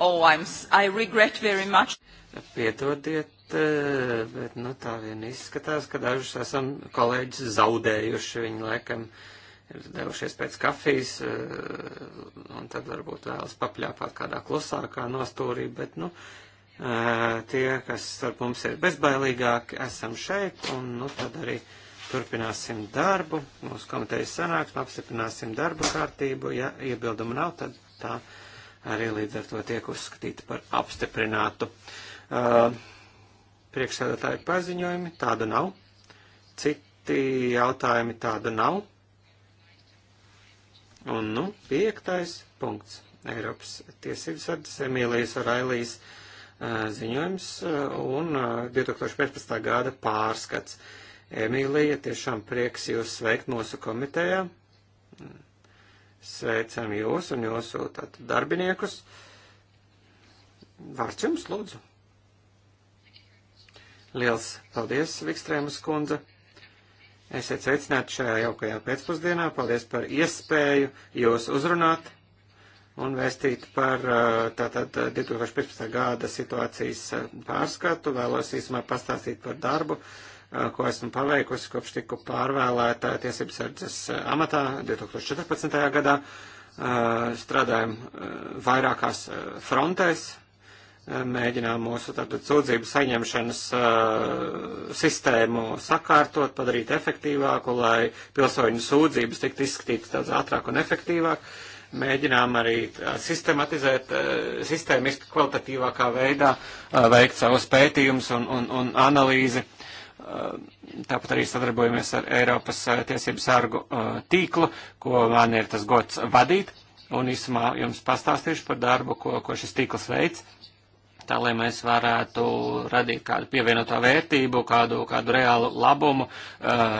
Oh, I'm, I regret very much. Piedodiet, eh, bet nu tā vien izskatās, ka dažus esam kolēģis zaudējuši. Viņi laikam ir devušies pēc kafijas eh, un tad varbūt vēlas papļāpāt kādā klusākā nostūrī, bet nu eh, tie, kas starp mums ir bezbailīgāki, esam šeit un nu tad arī turpināsim darbu. Mūsu komitejas sanāksmē apstiprināsim darbu kārtību. Ja iebildumu nav, tad tā arī līdz ar to tiek uzskatīti par apstiprinātu. Uh, Priekšsēdētāju paziņojumi tāda nav, citi jautājumi tāda nav. Un, nu, piektais punkts - Eiropas tiesības sardzes Emīlijas Orailijas uh, ziņojums un uh, 2015. gada pārskats. Emīlija, tiešām prieks jūs sveikt mūsu komitejā. Sveicam jūs un jūsu tātad, darbiniekus. Vārds jums, lūdzu. Liels paldies, Vikstrēmas kundze. Esiet sveicināti šajā jaukajā pēcpusdienā. Paldies par iespēju jūs uzrunāt un vēstīt par uh, tātad 2015. Uh, gada situācijas uh, pārskatu. Vēlos īsumā pastāstīt par darbu, ko esmu paveikusi kopš tiku pārvēlēta tiesības sardzes amatā 2014. gadā. Strādājam vairākās frontēs, mēģinām mūsu tātad sūdzību saņemšanas uh, sistēmu sakārtot, padarīt efektīvāku, lai pilsoņu sūdzības tiktu izskatītas daudz ātrāk un efektīvāk. Mēģinām arī tā, sistematizēt uh, sistēmiski kvalitatīvākā veidā, uh, veikt savus pētījumus un, un, un analīzi. Uh, Eh, tāpat arī sadarbojamies ar Eiropas eh, tiesību sargu eh, tīklu, ko man ir tas gods vadīt. Un īsumā jums pastāstīšu par darbu, ko, ko šis tīkls veids, tā lai mēs varētu radīt kādu pievienotā vērtību, kādu, kādu reālu labumu,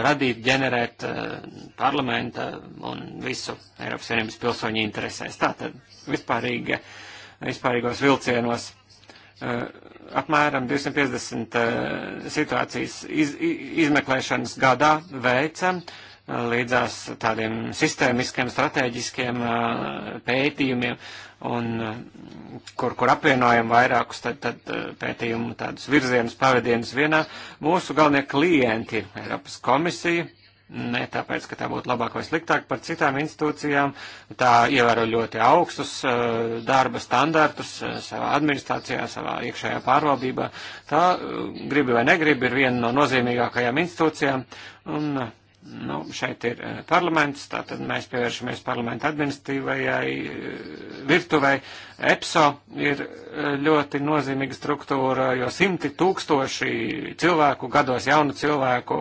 radīt, ģenerēt parlamenta un visu Eiropas Savienības pilsoņu interesēs. Tātad vispārīga, vispārīgos vilcienos apmēram 250 eh, situācijas iz, izmeklēšanas gadā veicam eh, līdzās tādiem sistēmiskiem, strateģiskiem eh, pētījumiem, un kur, kur apvienojam vairākus tad, tad pētījumu tādus virzienus, pavadienus vienā. Mūsu galvenie klienti ir Eiropas komisija, ne tāpēc, ka tā būtu labāk vai sliktāk par citām institūcijām. Tā ievēro ļoti augstus eh, darba standartus eh, savā administrācijā, savā iekšējā pārvaldībā. Tā, eh, gribi vai negribi, ir viena no nozīmīgākajām institūcijām. Un Nu, šeit ir eh, parlaments, tātad mēs pievēršamies parlamenta administratīvajai eh, virtuvei. EPSO ir eh, ļoti nozīmīga struktūra, jo simti tūkstoši cilvēku, gados jaunu cilvēku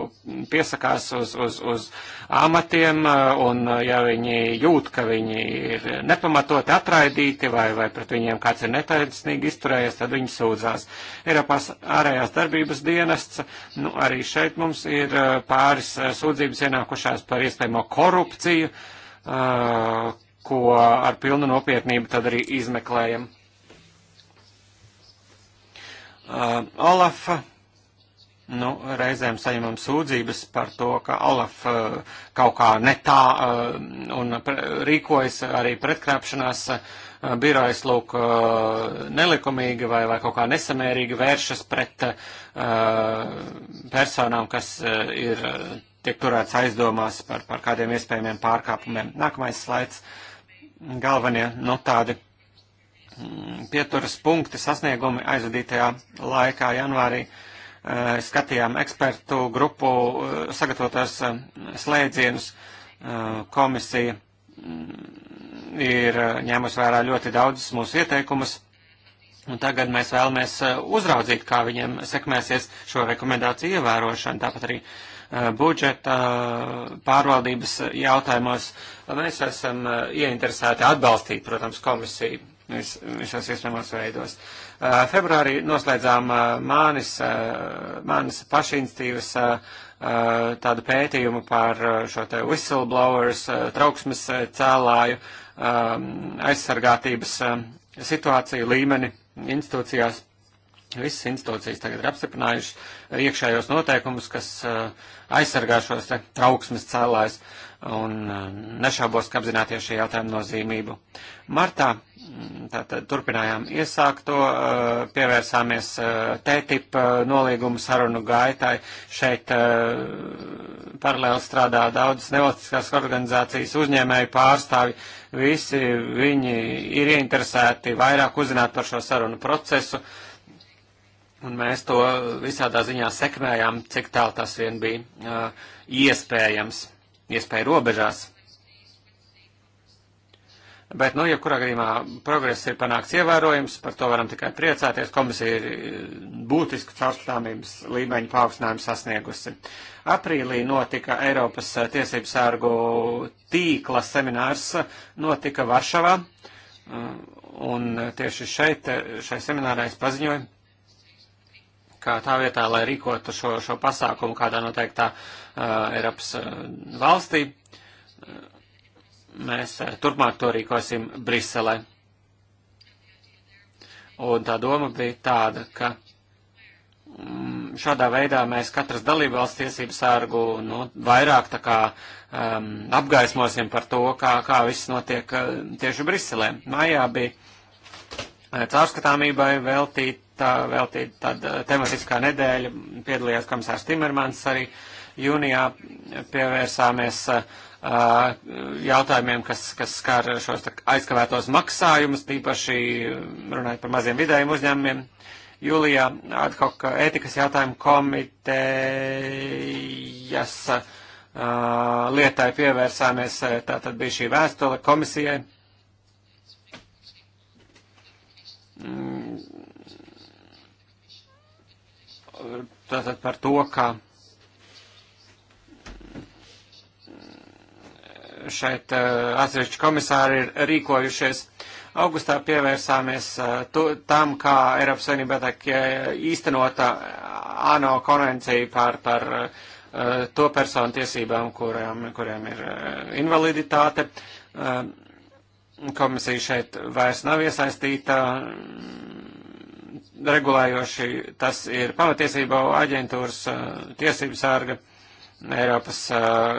piesakās uz, uz, uz amatiem, un ja viņi jūt, ka viņi ir nepamatoti atraidīti vai, vai pret viņiem kāds ir netaisnīgi izturējies, tad viņi sūdzās. Eiropās ārējās darbības dienests, nu, arī šeit mums ir pāris sūdzības ziņojums ienākušās par iespējamo korupciju, uh, ko ar pilnu nopietnību tad arī izmeklējam. Uh, Olafa Nu, reizēm saņemam sūdzības par to, ka Olaf uh, kaut kā ne tā uh, un rīkojas arī pretkrāpšanās uh, birojas lūk uh, nelikumīgi vai, vai kaut kā nesamērīgi vēršas pret personām, kas ir tiek turēts aizdomās par, par kādiem iespējamiem pārkāpumiem. Nākamais slaids - galvenie, nu, tādi mm, pieturas punkti sasniegumi aizvadītajā laikā janvārī. Eh, skatījām ekspertu grupu eh, sagatavotos eh, slēdzienus. Komisija mm, ir ņēmusi vērā ļoti daudzus mūsu ieteikumus. Un tagad mēs vēlamies uzraudzīt, kā viņiem sekmēsies šo rekomendāciju ievērošana. Tāpat arī Eh, budžeta eh, pārvaldības jautājumos. Mēs esam eh, ieinteresēti atbalstīt, protams, komisiju vis, visos iespējamos veidos. Februārī noslēdzām mānis, mānis pašinstīvas tādu pētījumu par šo te whistleblowers, trauksmes cēlāju aizsargātības situāciju līmeni institūcijās Visas institūcijas tagad ir apstiprinājušas eh, iekšējos noteikumus, kas eh, aizsargā šos te trauksmes cēlājs un eh, nešaubos, ka apzināties šī jautājuma nozīmību. Martā mm, tātad turpinājām iesākto, pievērsāmies TTIP nolīgumu sarunu gaitai. Šeit paralēli strādā daudzas nevalstiskās organizācijas uzņēmēju pārstāvi. Visi viņi ir ieinteresēti vairāk uzzināt par šo sarunu procesu. Uh, Un mēs to visādā ziņā sekmējām, cik tālu tas vien bija uh, iespējams, iespēja robežās. Bet, nu, jebkurā ja gadījumā progress ir panākts ievērojams, par to varam tikai priecāties. Komisija ir būtisku caurskatāmības līmeņu paaugstinājumu sasniegusi. Aprīlī notika Eiropas tiesību sārgu tīkla seminārs, notika Varšavā, un tieši šeit, šai seminārā es paziņoju ka tā vietā, lai rīkotu šo, šo pasākumu kādā noteiktā uh, Eiropas uh, valstī, uh, mēs uh, turpmāk to rīkosim Briselē. Un tā doma bija tāda, ka mm, šādā veidā mēs katras dalībvalsts tiesību sārgu nu, vairāk tā kā um, apgaismosim par to, kā, kā viss notiek uh, tieši Briselē. Mājā bija uh, caurskatāmībai veltīt tā veltīta tāda eh, tematiskā nedēļa, piedalījās komisārs Timermans arī jūnijā pievērsāmies uh, jautājumiem, kas, kas skar šos tā, aizkavētos maksājumus, tīpaši runājot par maziem vidējiem uzņēmumiem. Jūlijā ad hoc ētikas jautājumu komitejas uh, lietai pievērsāmies, tā tad bija šī vēstule komisijai. Mm tātad par to, ka šeit eh, atsevišķi komisāri ir rīkojušies. Augustā pievērsāmies eh, tu, tam, kā Eiropas Savienībā tiek eh, īstenota ANO konvencija par, par to personu tiesībām, kurām, kurām ir invaliditāte. Komisija šeit vairs nav iesaistīta regulējoši tas ir pamatiesībā aģentūras tiesības sārga. Eiropas uh,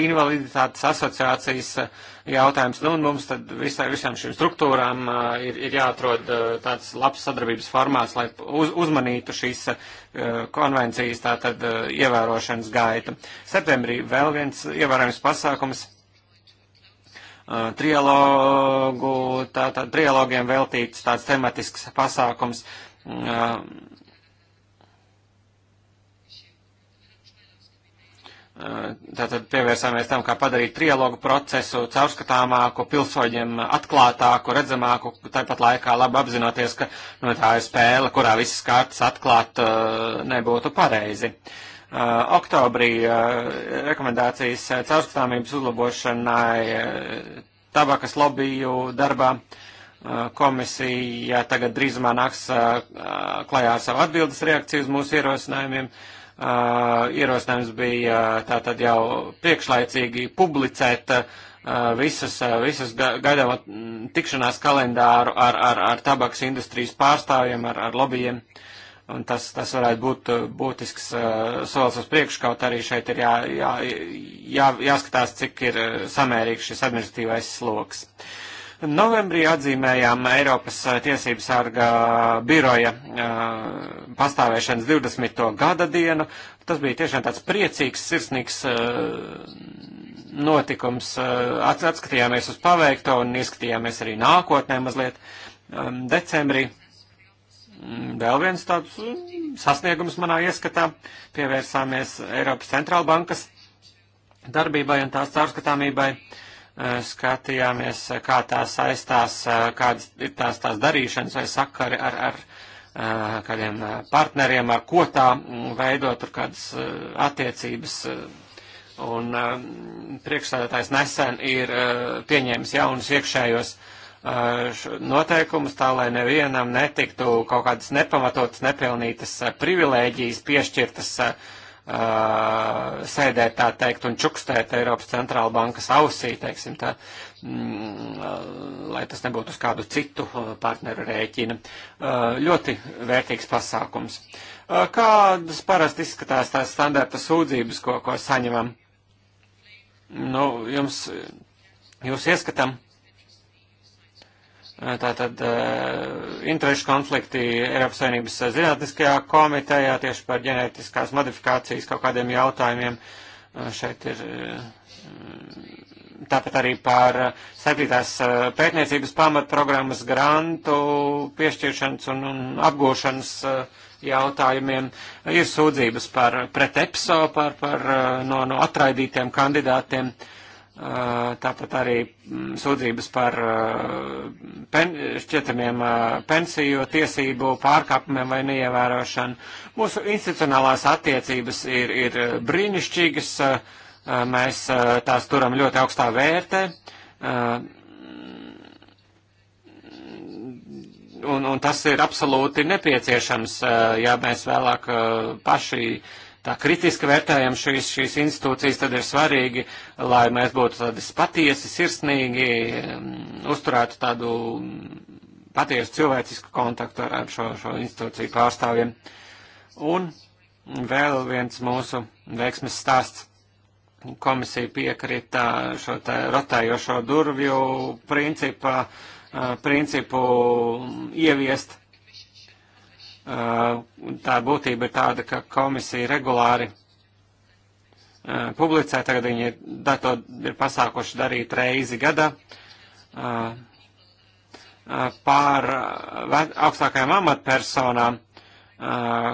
invaliditātes asociācijas uh, jautājums. Nu, un mums tad visai, visām šīm struktūrām uh, ir, ir jāatrod uh, tāds labs sadarbības formāts, lai uz, uzmanītu šīs uh, konvencijas tātad uh, ievērošanas gaita. Septembrī vēl viens ievērojams pasākums. Uh, Eh, trialogu, tā, tā, trialogiem veltīts tāds tematisks pasākums. Eh, eh, tātad pievērsāmies tam, kā padarīt trialogu procesu caurskatāmāku, pilsoņiem atklātāku, redzamāku, tāpat laikā labi apzinoties, ka nu, tā ir spēle, kurā visas kārtas atklāt nebūtu pareizi. Uh, Eh, oktobrī eh, rekomendācijas eh, caurskatāmības uzlabošanai tabakas lobiju darbā komisija tagad drīzumā nāks klajā ar savu atbildes reakciju uz mūsu ierosinājumiem. Ierosinājums bija tātad jau priekšlaicīgi publicēt visas, visas gaidāmo tikšanās kalendāru ar, ar, ar tabaks industrijas pārstāvjiem, ar, ar lobbyiem. Uh, Un tas, tas varētu būt uh, būtisks uh, solis uz priekšu, kaut arī šeit ir jā, jā, jā, jāskatās, cik ir uh, samērīgs šis administratīvais sloks. Novembrī atzīmējām Eiropas tiesību sārga biroja pastāvēšanas 20. gada dienu. Tas bija tiešām tāds priecīgs, sirsnīgs notikums. Atskatījāmies uz paveikto un ieskatījāmies arī nākotnē mazliet um, decembrī Mm, vēl viens tāds mm, sasniegums manā ieskatā pievērsāmies Eiropas centrālbankas darbībai un tās caurskatāmībai. Eh, skatījāmies, eh, kā tās saistās, eh, kādas ir tās, tās darīšanas vai sakari ar, ar, ar kādiem partneriem, ar ko tā mm, veidot, tur kādas attiecības. Un priekšstādātājs nesen ir pieņēmis jaunus iekšējos noteikumus tā, lai nevienam netiktu kaut kādas nepamatotas, nepilnītas privilēģijas piešķirtas uh, sēdēt, tā teikt, un čukstēt Eiropas centrāla bankas ausī, teiksim tā, mm, lai tas nebūtu uz kādu citu partneru rēķina. Uh, ļoti vērtīgs pasākums. Uh, kādas parasti izskatās tās standarta sūdzības, ko, ko saņemam? Nu, jums, jūs ieskatam Eh, tātad eh, interešu konflikti Eiropas Savienības zinātniskajā komitejā tieši par ģenētiskās modifikācijas kaut kādiem jautājumiem. Eh, šeit ir tāpat arī par saistītās pētniecības pamatprogrammas grantu piešķiršanas un, un apgūšanas jautājumiem. Ir sūdzības par pretepso, par, par no, no atraidītiem kandidātiem. Uh, Eh, tāpat arī mm, sūdzības par eh, pen, šķietamiem eh, pensiju tiesību pārkāpumiem vai neievērošanu. Mūsu institucionālās attiecības ir, ir brīnišķīgas, mēs tās turam ļoti augstā vērtē. Un, un tas ir absolūti nepieciešams, ja mēs vēlāk paši uh, tā kritiski vērtējam šīs, šīs institūcijas, tad ir svarīgi, lai mēs būtu tādas patiesi, sirsnīgi, um, uzturētu tādu patiesu cilvēcisku kontaktu ar šo, šo institūciju pārstāvjiem. Un vēl viens mūsu veiksmes stāsts. Komisija piekrita šo te rotējošo durvju principa, uh, principu ieviest Uh, tā būtība ir tāda, ka komisija regulāri uh, publicē, tagad viņi ir, to ir pasākuši darīt reizi gadā uh, pār augstākajām amatpersonām,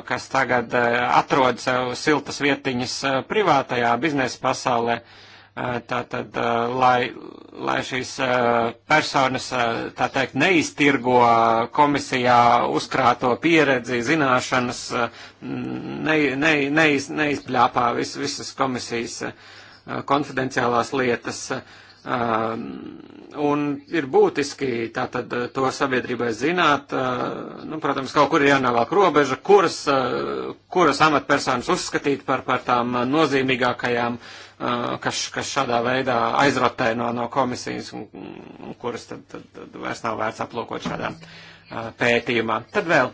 kas tagad atrod sev siltas vietiņas privātajā biznesa pasaulē. Eh, tātad, eh, lai, lai šīs eh, personas, tā teikt, neiztirgo komisijā uzkrāto pieredzi, zināšanas, ne, ne, neiz, neizpļāpā vis, visas komisijas konfidenciālās lietas. Un ir būtiski tātad to sabiedrībai zināt, nu, protams, kaut kur ir jānovelk robeža, kuras, kuras amatpersonas uzskatīt par, par tām nozīmīgākajām uh, kas, kas šādā veidā aizrotē no, no komisijas, un, un kuras tad, tad, tad vairs nav vērts aplūkot šādā pētījumā. Tad vēl.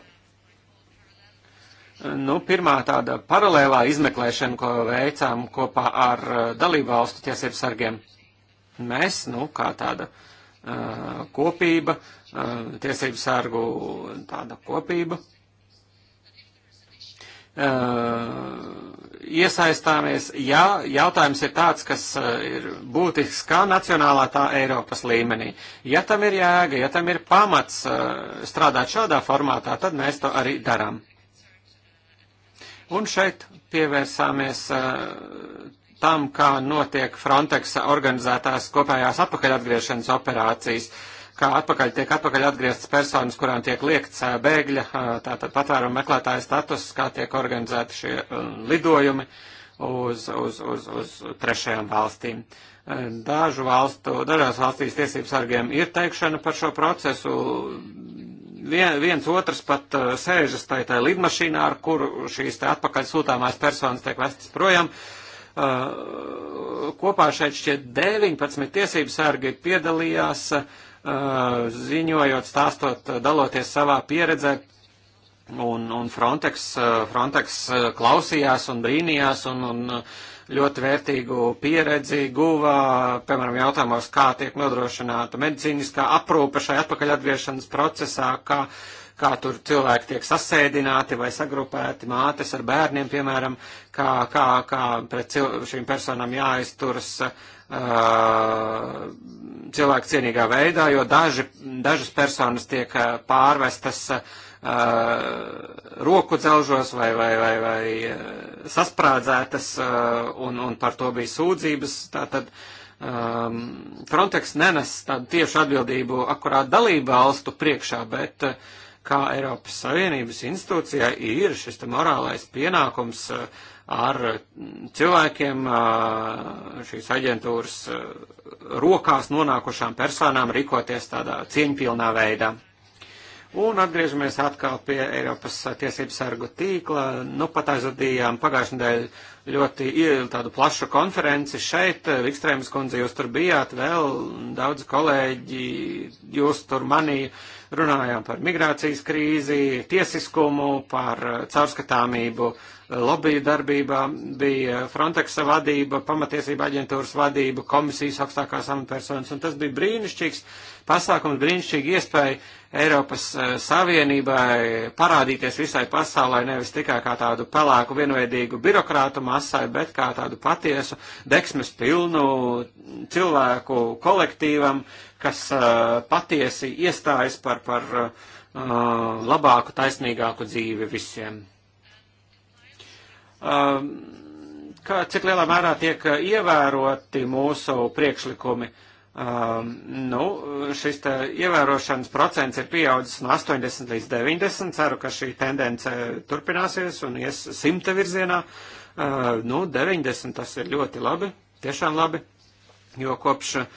Nu, pirmā tāda paralēlā izmeklēšana, ko veicām kopā ar dalībvalstu tiesību sargiem, mēs, nu, kā tāda uh, kopība, uh, tiesību sargu tāda kopība, uh, iesaistāmies, ja jautājums ir tāds, kas eh, ir būtisks kā nacionālā, tā Eiropas līmenī. Ja tam ir jēga, ja tam ir pamats eh, strādāt šādā formātā, tad mēs to arī darām. Un šeit pievērsāmies eh, tam, kā notiek Frontex organizētās kopējās atpakaļ atgriešanas operācijas. Uh, kā atpakaļ tiek atpakaļ atgrieztas personas, kurām tiek liekts bēgļa, tātad patvēruma meklētāja status, kā tiek organizēti šie lidojumi uz, uz, uz, uz trešajām valstīm. Dažu valstu, dažās valstīs tiesības sargiem ir teikšana par šo procesu. Vien, viens otrs pat sēžas tajā, tajā lidmašīnā, ar kuru šīs te atpakaļ sūtāmās personas tiek vestas projām. Kopā šeit šķiet 19 tiesības sargi piedalījās uh, ziņojot, stāstot, daloties savā pieredzē. Un, un Frontex, Frontex klausījās un brīnījās un, un ļoti vērtīgu pieredzi guva, piemēram, jautājumos, kā tiek nodrošināta medicīniskā aprūpe šai atpakaļ atgriešanas procesā, kā, kā tur cilvēki tiek sasēdināti vai sagrupēti, mātes ar bērniem, piemēram, kā, kā, kā pret cil, šīm personām jāizturas. Uh, cilvēku cienīgā veidā, jo daži, dažas personas tiek pārvestas roku dzelžos vai, vai, vai, vai sasprādzētas, un, un par to bija sūdzības. Tātad um, Frontex nenes tādu tiešu atbildību akurāt dalību valstu priekšā, bet uh, kā Eiropas Savienības institūcijai ir šis morālais pienākums uh, ar eh, cilvēkiem eh, šīs aģentūras eh, rokās nonākušām personām rīkoties tādā cieņpilnā veidā. Un atgriežamies atkal pie Eiropas tiesību sargu tīkla. Nu, pat aizvadījām pagājušajā nedēļā ļoti tādu plašu konferenci šeit. Vikstrēmas kundze, jūs tur bijāt, vēl daudz kolēģi, jūs tur manī runājām par migrācijas krīzi, tiesiskumu, par caurskatāmību uh, lobby darbībā, bija Frontexa vadība, pamatiesība aģentūras vadība, komisijas augstākās amatpersonas, un tas bija brīnišķīgs pasākums, brīnišķīgi iespēja Eiropas eh, Savienībai parādīties visai pasaulē nevis tikai kā tādu pelēku vienveidīgu birokrātu masai, bet kā tādu patiesu deksmes pilnu cilvēku kolektīvam, kas uh, patiesi iestājas par, par uh, labāku, taisnīgāku dzīvi visiem. Um, kā, cik lielā mērā tiek uh, ievēroti mūsu priekšlikumi. Um, nu, šis te ievērošanas procents ir pieaudzis no 80 līdz 90. Ceru, ka šī tendence turpināsies un ies simta virzienā. Uh, nu, 90 tas ir ļoti labi, tiešām labi, jo kopš uh,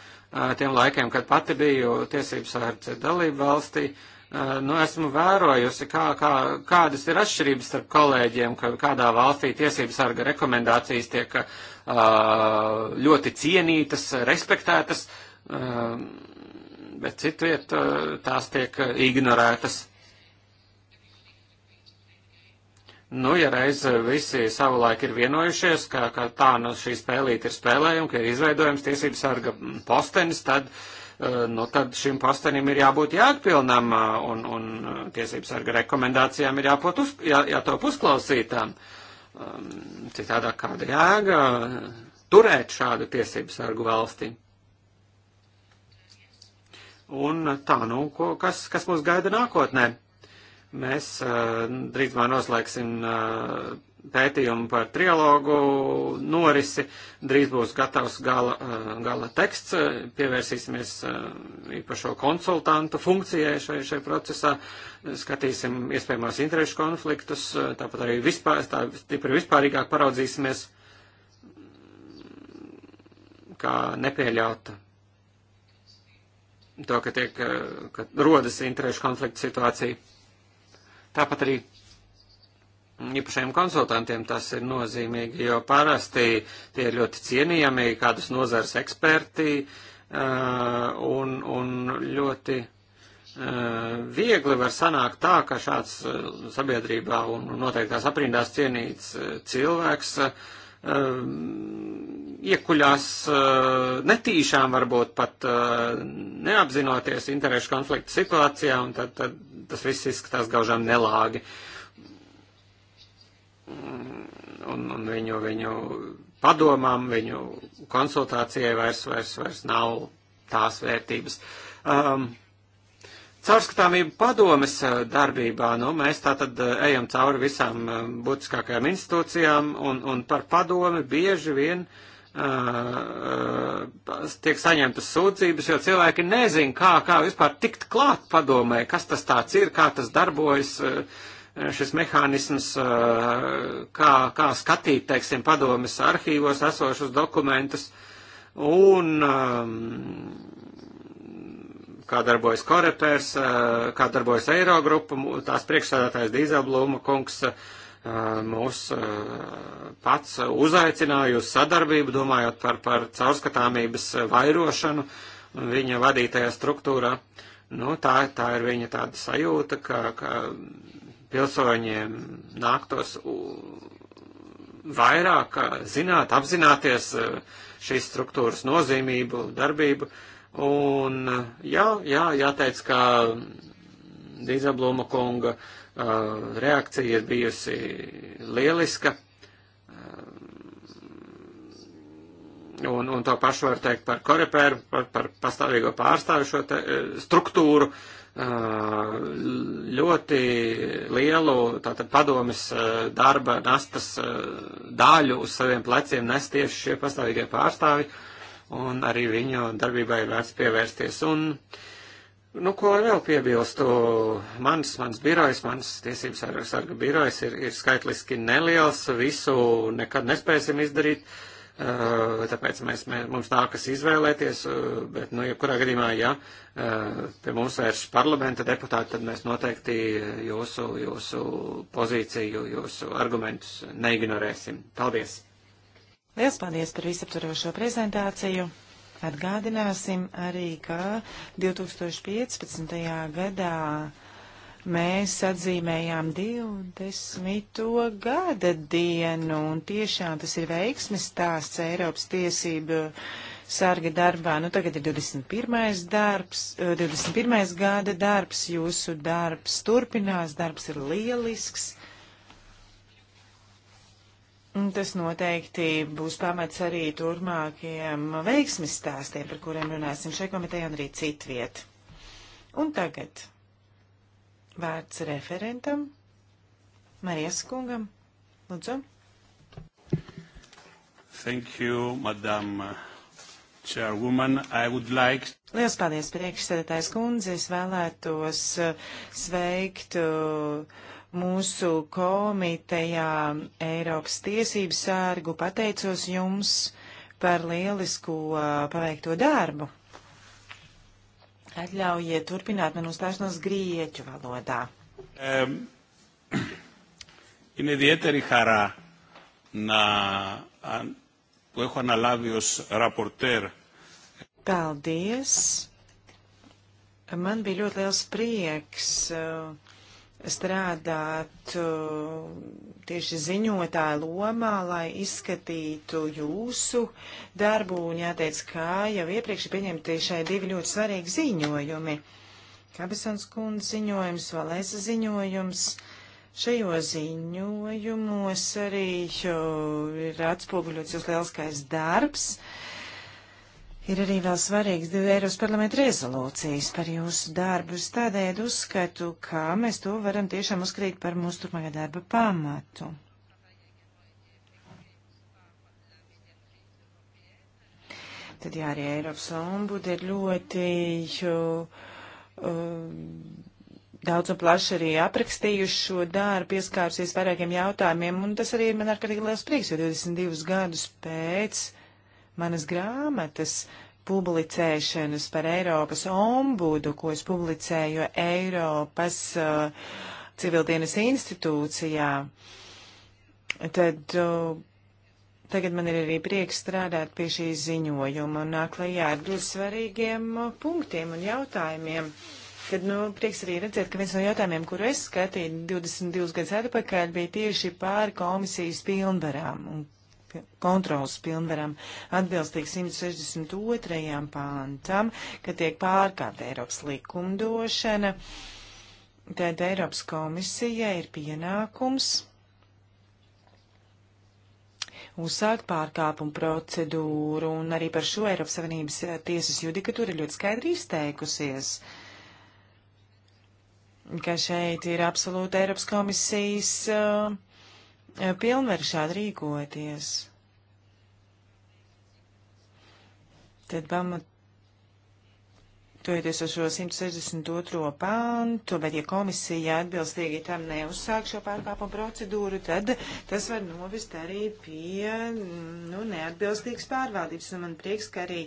tiem laikiem, kad pati biju tiesības sārdzē dalību valstī, uh, Eh, nu, esmu vērojusi, kā, kā, kādas ir atšķirības starp kolēģiem, ka kādā valstī tiesības sarga rekomendācijas tiek uh, ļoti cienītas, respektētas, uh, bet citviet uh, tās tiek ignorētas. Nu, ja reiz visi savulaik ir vienojušies, ka, ka tā nu šī spēlīte ir spēlējuma, ka ir izveidojams tiesības sarga postenis, tad uh, Eh, nu tad šim postenim ir jābūt jāatpilnam eh, un, un eh, tiesības sarga rekomendācijām ir jāpot uz, jā, jātop uzklausītām. Um, Citādā kāda jēga turēt šādu tiesības sargu valsti. Un tā, nu, ko, kas, kas mūs gaida nākotnē? Mēs uh, drīz vēl noslēgsim uh, pētījumu par trialogu norisi. Drīz būs gatavs gala, eh, gala teksts. Pievērsīsimies eh, īpašo konsultantu funkcijai šai, šai procesā. Skatīsim iespējamos interešu konfliktus. Eh, tāpat arī vispār, tā stipri vispārīgāk paraudzīsimies, kā nepieļaut to, ka tiek, ka rodas interešu konfliktu situācija. Tāpat arī īpašajiem konsultantiem tas ir nozīmīgi, jo parasti tie ir ļoti cienījami kādas nozars eksperti uh, un, un ļoti uh, viegli var sanākt tā, ka šāds uh, sabiedrībā un noteiktās aprindās cienīts cilvēks iekuļās netīšām, varbūt pat neapzinoties interešu konflikta situācijā, un tad, tad tas viss izskatās gaužām nelāgi. Uh, un, un viņu, viņu padomām, viņu konsultācijai vairs, vairs, vairs nav tās vērtības. Um, Caurskatāmība padomes uh, darbībā, nu, mēs tātad uh, ejam cauri visām um, būtiskākajām institūcijām, un, un par padomi bieži vien uh, uh, tiek saņemtas sūdzības, jo cilvēki nezin, kā, kā vispār tikt klāt padomē, kas tas tāds ir, kā tas darbojas, uh, Eh, šis mehānisms, eh, kā, kā skatīt, teiksim, padomes arhīvos esošus dokumentus un ehm, kā darbojas Korepers, eh, kā darbojas Eirogrupa, tās priekšsādātājs Dīzelblūma kungs mūs pats uzaicināja uz sadarbību, domājot par, par caurskatāmības vairošanu viņa vadītajā struktūrā. Nu, tā, tā ir viņa tāda sajūta, ka, ka pilsoņiem nāktos vairāk zināt, apzināties e, šīs struktūras nozīmību, darbību. Un e, jā, jā, jāteic, ka Dīzablūma kunga e, reakcija ir bijusi lieliska. Un, un to pašu var teikt par korepēru, par, par pastāvīgo pārstāvi šo te, struktūru. Uh, Eh, ļoti lielu tātad, padomis eh, darba nastas eh, daļu uz saviem pleciem nes tieši šie pastāvīgie pārstāvi, un arī viņu darbībai ir vērts pievērsties. Un, nu, ko vēl piebilstu, mans, mans birojs, mans tiesības sarga birojs ir, ir skaitliski neliels, visu nekad nespēsim izdarīt. Uh, Eh, tāpēc mēs, mēs, mums nākas izvēlēties, eh, bet, nu, jebkurā gadījumā, ja pie eh, mums vairs parlamenta deputāti, tad mēs noteikti jūsu, jūsu pozīciju, jūsu argumentus neignorēsim. Paldies! Liels paldies par visaptvarošo prezentāciju! Atgādināsim arī, ka 2015. gadā Mēs atzīmējām 20. gada dienu, un tiešām tas ir veiksmes stāsts Eiropas tiesību sarga darbā. Nu, tagad ir 21. darbs, 21. Eh, gada darbs, jūsu darbs turpinās, darbs ir lielisks. Tas noteikti būs pamats arī turpmākajiem veiksmes stāstiem, par kuriem runāsim šai komitejā un arī citviet. Un tagad Vārds referentam Marijas kungam. Lūdzu. Thank you, Madam uh, Chairwoman. I would like. Lielas paldies, priekšsēdētājs kundze. Es vēlētos uh, sveikt uh, mūsu komitejā Eiropas tiesību sārgu. Pateicos jums par lielisko paveikto darbu. Atļaujiet turpināt man uzstāšanos grieķu valodā. Um, είναι ιδιαίτερη χαρά να, αν, που έχω αναλάβει ως ραπορτέρ. Paldies! Man bija ļoti liels prieks uh, strādāt uh, tieši ziņotāja lomā, lai izskatītu jūsu darbu. Un jāteic, kā jau iepriekš pieņemti šai divi ļoti svarīgi ziņojumi. Kabesons kundze ziņojums, Valēsa ziņojums. Šajos ziņojumos arī uh, ir atspoguļots jūs lielskais darbs. Uh, Ir arī vēl svarīgs divi Eiropas parlamenta rezolūcijas par jūsu darbu. Es tādēļ uzskatu, ka mēs to varam tiešām uzskatīt par mūsu turpmākā darba pamatu. Tad jā, arī Eiropas ombuda ir ļoti jo, um, daudz un plaši arī aprakstījuši šo darbu, pieskārusies vairākiem jautājumiem, un tas arī man ārkārtīgi liels prieks, jo 22 gadus pēc manas grāmatas publicēšanas par Eiropas ombudu, ko es publicēju Eiropas uh, civildienas institūcijā, tad uh, tagad man ir arī prieks strādāt pie šī ziņojuma un nāk lejā ar ļoti svarīgiem uh, punktiem un jautājumiem. Tad, nu, prieks arī redzēt, ka viens no jautājumiem, kuru es skatīju 22 gadus atpakaļ, bija tieši pār komisijas pilnvarām un kontrolas pilnvaram atbilstīgi 162. pāntam, ka tiek pārkāpta Eiropas likumdošana. Tad Eiropas komisija ir pienākums uzsākt pārkāpumu procedūru, un arī par šo Eiropas Savienības eh, tiesas judikatūra ļoti skaidri izteikusies ka šeit ir absolūta Eiropas komisijas uh, Eh, pilnvaru šādi rīkoties. Tad pamat Tojoties ar šo 162. pāntu, bet ja komisija atbilstīgi tam neuzsāk šo pārkāpumu procedūru, tad tas var novest arī pie nu, neatbilstīgas pārvaldības. Un nu, man prieks, ka arī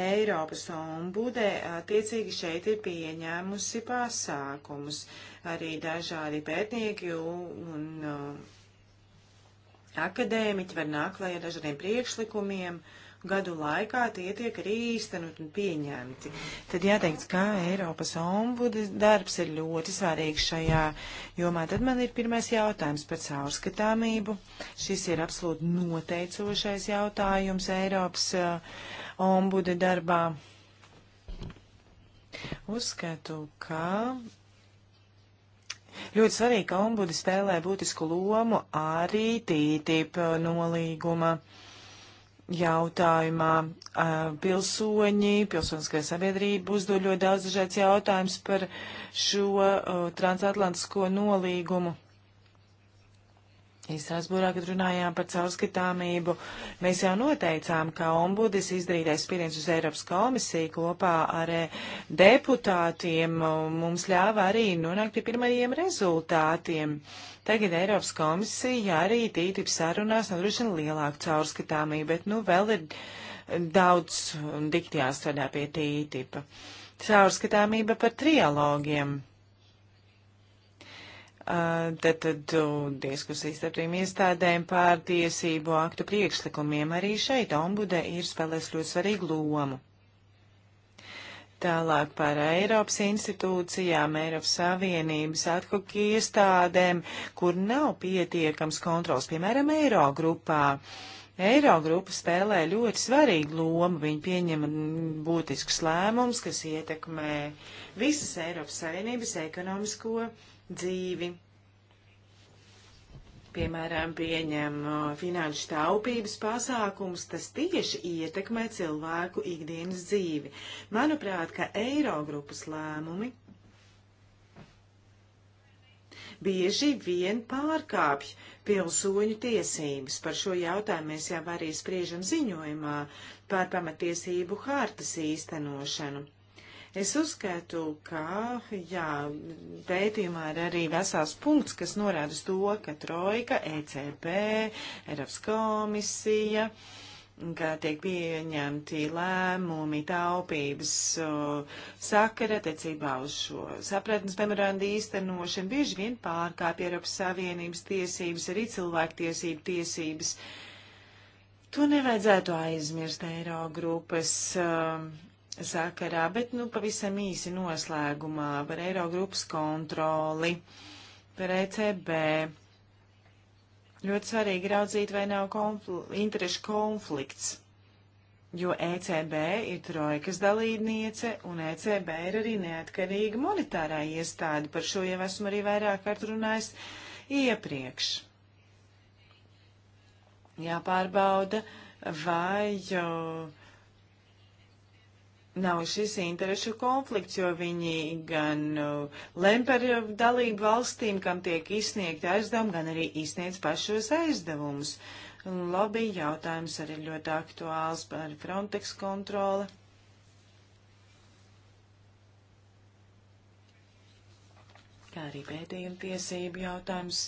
Eiropas ombudē attiecīgi šeit ir pieņēmusi pasākumus. Arī dažādi pētnieki un. Uh, akadēmiķi var nākt klajā ar dažādiem priekšlikumiem, gadu laikā tie tiek arī īstenot un pieņemti. Tad jāteic, ka Eiropas ombudas darbs ir ļoti svarīgs šajā jomā. Tad man ir pirmais jautājums par caurskatāmību. Šis ir absolūti noteicošais jautājums Eiropas uh, ombuda darbā. Uzskatu, ka Ļoti svarīgi, ka ombudi spēlē būtisku lomu arī TTIP nolīguma jautājumā. Pilsoņi, pilsoniskā sabiedrība uzdod ļoti daudz dažādas jautājumas par šo transatlantisko nolīgumu. Strasbūrā, kad runājām par caurskatāmību, mēs jau noteicām, ka ombudis izdarītais spiediens uz Eiropas komisiju kopā ar eh, deputātiem uh, mums ļāva arī nonākt pie pirmajiem rezultātiem. Tagad Eiropas komisija arī tītip sarunās nodrošina lielāku caurskatāmību, bet nu vēl ir daudz dikti jāstrādā pie tītipa. Caurskatāmība par trialogiem. Eh, tad, tad diskusijas ar trim iestādēm pār tiesību aktu priekšlikumiem arī šeit ombude ir spēlēs ļoti svarīgu lomu. Tālāk par Eiropas institūcijām, Eiropas Savienības atkuk iestādēm, kur nav pietiekams kontrols, piemēram, Eiro grupā. Eiro grupa spēlē ļoti svarīgu lomu, viņi pieņem būtiskus lēmumus, kas ietekmē visas Eiropas Savienības ekonomisko dzīvi. Piemēram, pieņem finanšu taupības pasākums, tas tieši ietekmē cilvēku ikdienas dzīvi. Manuprāt, ka Eirogrupas lēmumi bieži vien pārkāpj pilsoņu tiesības. Par šo jautājumu mēs jau arī spriežam ziņojumā par pamatiesību hārtas īstenošanu. Es uzskatu, ka jā, pētījumā ir arī vesels punkts, kas norāda uz to, ka Trojka, ECB, Eiropas komisija, kā tiek pieņemti lēmumi taupības sakara attiecībā uz šo sapratnes memorandu īstenošanu, bieži vien pārkāpja Eiropas Savienības tiesības, arī cilvēktiesību tiesības. To nevajadzētu aizmirst Eiro grupas. Uh, sakarā, bet nu, pavisam īsi noslēgumā par Eirogrupas kontroli, par ECB. Ļoti svarīgi raudzīt, vai nav konfl interešu konflikts, jo ECB ir trojkas dalībniece un ECB ir arī neatkarīga monetārā iestāde. Par šo jau esmu arī vairāk kārt runājis iepriekš. Jāpārbauda, vai. Uh, nav šis interešu konflikts, jo viņi gan uh, lem par uh, dalību valstīm, kam tiek izsniegti aizdevumi, gan arī izsniedz pašos aizdevumus. Lobby jautājums arī ļoti aktuāls par Frontex kontroli. Kā arī pētījuma tiesību jautājums.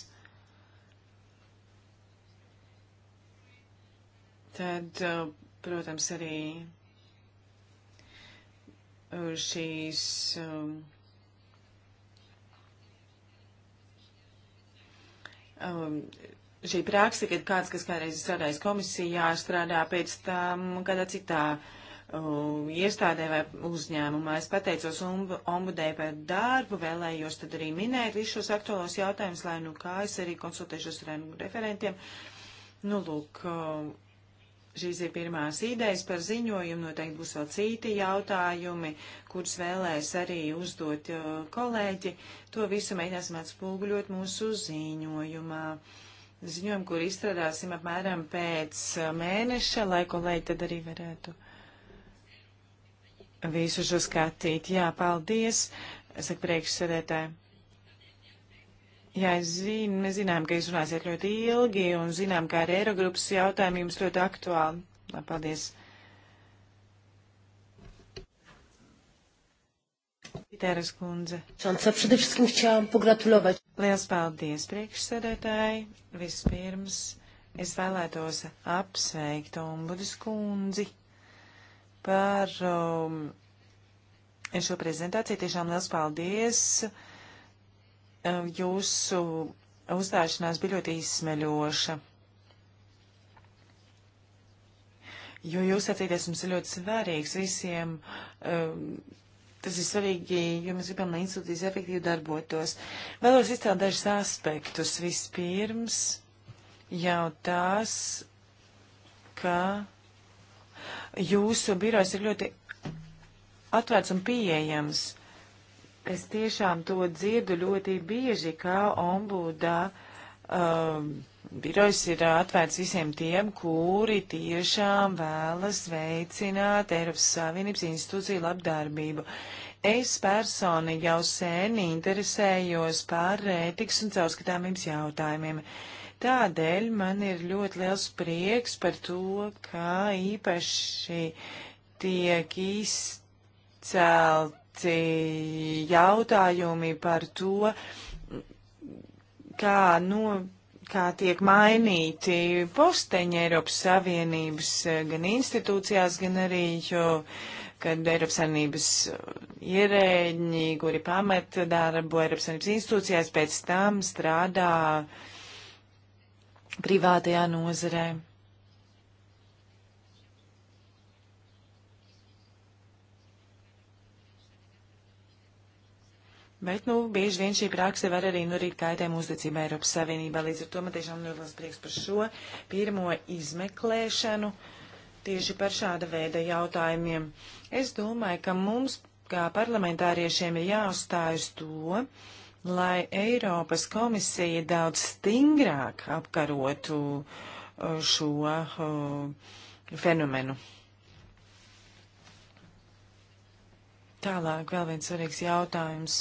Tad, uh, protams, arī šīs um, um, šī praksa, kad kāds, kas kādreiz strādājis komisijā, strādā pēc tam kādā citā um, iestādē vai uzņēmumā. Es pateicos ombudē par darbu, vēlējos tad arī minēt visus šos aktuālos jautājumus, lai nu kā es arī konsultēšos ar referentiem. Nu, lūk, um, Šīs ir pirmās idejas par ziņojumu, noteikti būs vēl citi jautājumi, kurus vēlēs arī uzdot uh, kolēģi. To visu mēģināsim atspūguļot mūsu ziņojumā. Ziņojumu, kur izstrādāsim apmēram pēc uh, mēneša, lai kolēģi tad arī varētu visu šo skatīt. Jā, paldies, saka priekšsēdētāji. Jā, es zinu, mēs zinām, ka jūs runāsiet ļoti ilgi un zinām, kā ar Eirogrupas jautājumu jums ļoti aktuāli. Lā, paldies. Pitēras kundze. Liels paldies, priekšsēdētāji. Vispirms es vēlētos apsveikt Ombudas kundzi par um, šo prezentāciju. Tiešām liels paldies. Uh, Jūsu uzstāšanās bija ļoti izsmeļoša. Jo jūs sacīties mums ir ļoti svarīgs visiem. Um, tas ir svarīgi, jo mēs gribam, lai institūcijas efektīvi darbotos. Vēlos izcelt dažus aspektus. Vispirms jau tās, ka jūsu birojs ir ļoti atvērts un pieejams. Uh, Es tiešām to dzirdu ļoti bieži, kā ombuda um, birojs ir atvērts visiem tiem, kuri tiešām vēlas veicināt Eiropas Savienības institūciju labdarbību. Es personi jau sen interesējos par ētikas un caurskatāmības jautājumiem. Tādēļ man ir ļoti liels prieks par to, kā īpaši tiek izcelt uzdoti jautājumi par to, kā, no, kā tiek mainīti posteņi Eiropas Savienības gan institūcijās, gan arī, jo, kad Eiropas Savienības ierēģi, kuri pamet darbu Eiropas Savienības institūcijās, pēc tam strādā privātajā nozarē. Bet, nu, bieži vien šī prakse var arī norīt kaitējumu uzticību Eiropas Savienībā. Līdz ar to man tiešām ļoti liels prieks par šo pirmo izmeklēšanu tieši par šāda veida jautājumiem. Es domāju, ka mums, kā parlamentāriešiem, ir jāuzstājas to, lai Eiropas komisija daudz stingrāk apkarotu uh, šo uh, fenomenu. Tālāk vēl viens svarīgs jautājums.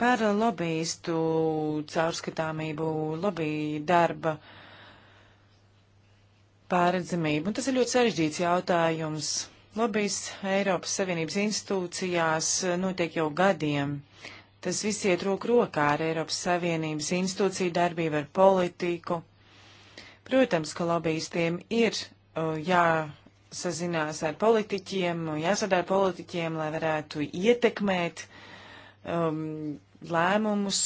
Par lobbyistu caurskatāmību, lobby darba pārredzamību. Un tas ir ļoti sarežģīts jautājums. Lobbyists Eiropas Savienības institūcijās notiek jau gadiem. Tas viss iet roku rokā ar Eiropas Savienības institūciju darbību, ar politiku. Protams, ka lobbyistiem ir jāsazinās ar politiķiem, jāsadar politiķiem, lai varētu ietekmēt um, lēmumus,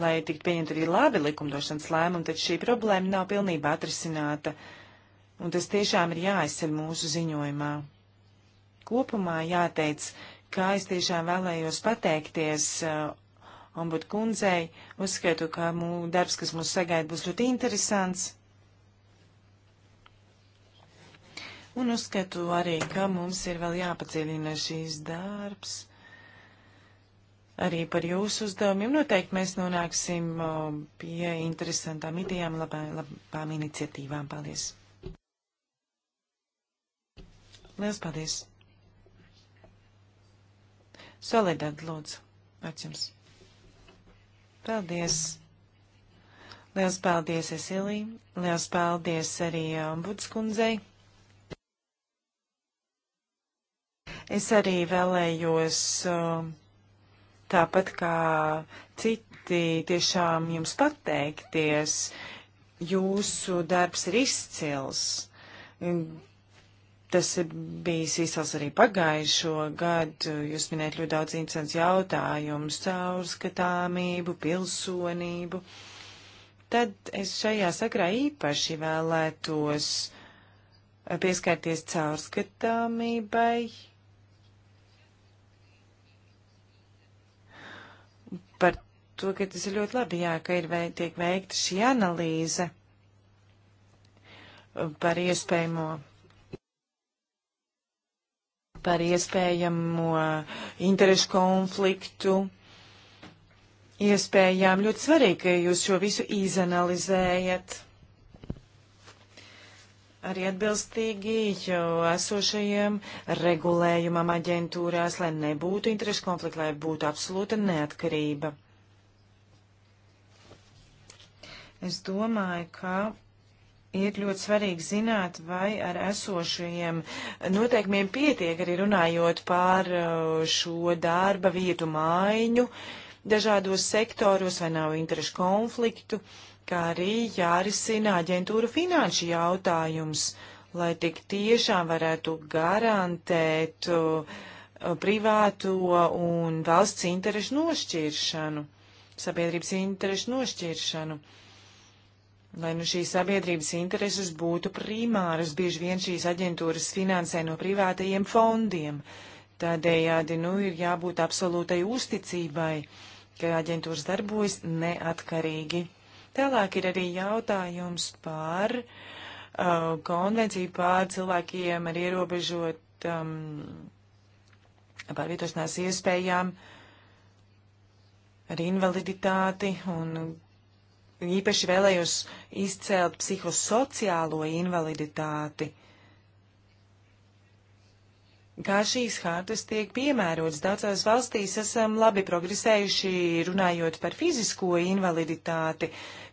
lai tiktu pieņemti arī labi likumdošanas lēmumi, tad šī problēma nav pilnībā atrisināta, un tas tiešām ir jāizceļ mūsu ziņojumā. Kopumā jāteic, kā es tiešām vēlējos pateikties uh, ombud kundzei, uzskatu, ka mū, darbs, kas mūs sagaida, būs ļoti interesants. Un uzskatu arī, ka mums ir vēl jāpadziļina šīs darbs arī par jūsu uzdevumiem. Noteikti mēs nonāksim pie interesantām idejām, labā, labām iniciatīvām. Paldies! Liels paldies! Soledad, lūdzu, vārds jums. Paldies! Liels paldies, Esilī! Liels paldies arī Budskundzei! Es arī vēlējos uh, tāpat kā citi tiešām jums pateikties. Jūsu darbs ir izcils. Tas ir bijis izcils arī pagājušo gadu. Jūs minējat ļoti daudz interesants jautājumus - caurskatāmību, pilsonību. Tad es šajā sakrā īpaši vēlētos pieskarties caurskatāmībai par to, ka tas ir ļoti labi, jā, ka ir veik, tiek veikta šī analīze par iespējamo par iespējamo interešu konfliktu, iespējām ļoti svarīgi, ka jūs šo visu izanalizējat arī atbilstīgi esošajiem regulējumam aģentūrās, lai nebūtu interešu konflikta, lai būtu absolūta neatkarība. Es domāju, ka ir ļoti svarīgi zināt, vai ar esošajiem noteikumiem pietiek arī runājot par uh, šo darba vietu maiņu dažādos sektoros, vai nav interešu konfliktu. Uh, kā arī jārisina aģentūra finanšu jautājums, lai tik tiešām varētu garantēt uh, privāto un valsts interešu nošķiršanu, sabiedrības interešu nošķiršanu. Lai nu šīs sabiedrības intereses būtu primāras, bieži vien šīs aģentūras finansē no privātajiem fondiem. Tādējādi nu ir jābūt absolūtai uzticībai, ka aģentūras darbojas neatkarīgi. Tālāk ir arī jautājums par uh, konvenciju pār cilvēkiem ar ierobežot um, pārvietošanās iespējām, ar invaliditāti un īpaši vēlējos izcelt psihosociālo invaliditāti. Kā šīs hartas tiek piemērotas? Daudzās valstīs esam labi progresējuši runājot par fizisko invaliditāti,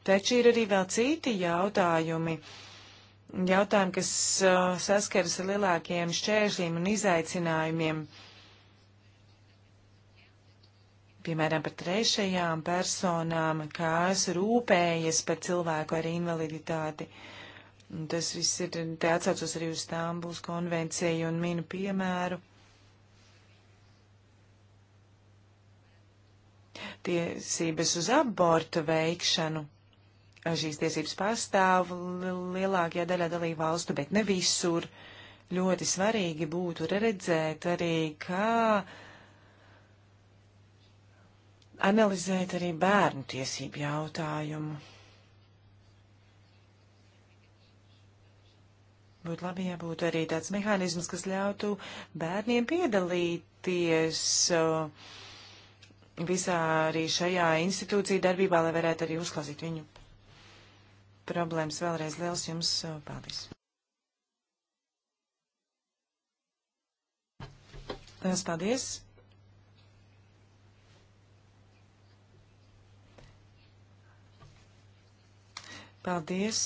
Taču ir arī vēl citi jautājumi. Jautājumi, kas uh, saskaras ar lielākiem šķēršļiem un izaicinājumiem. Piemēram, par trešajām personām, kas rūpējas par cilvēku ar invaliditāti. Un tas viss ir, te atsaucos arī uz Stambuls konvenciju un minu piemēru. tiesības uz abortu veikšanu šīs tiesības pastāv lielākajā daļā dalību valstu, bet ne visur. Ļoti svarīgi būtu redzēt arī, kā analizēt arī bērnu tiesību jautājumu. Būtu labi, ja būtu arī tāds mehānisms, kas ļautu bērniem piedalīties uh, visā arī šajā institūcija darbībā, lai varētu arī uzklausīt viņu problēmas. Vēlreiz liels jums uh, paldies. Liels paldies. Paldies.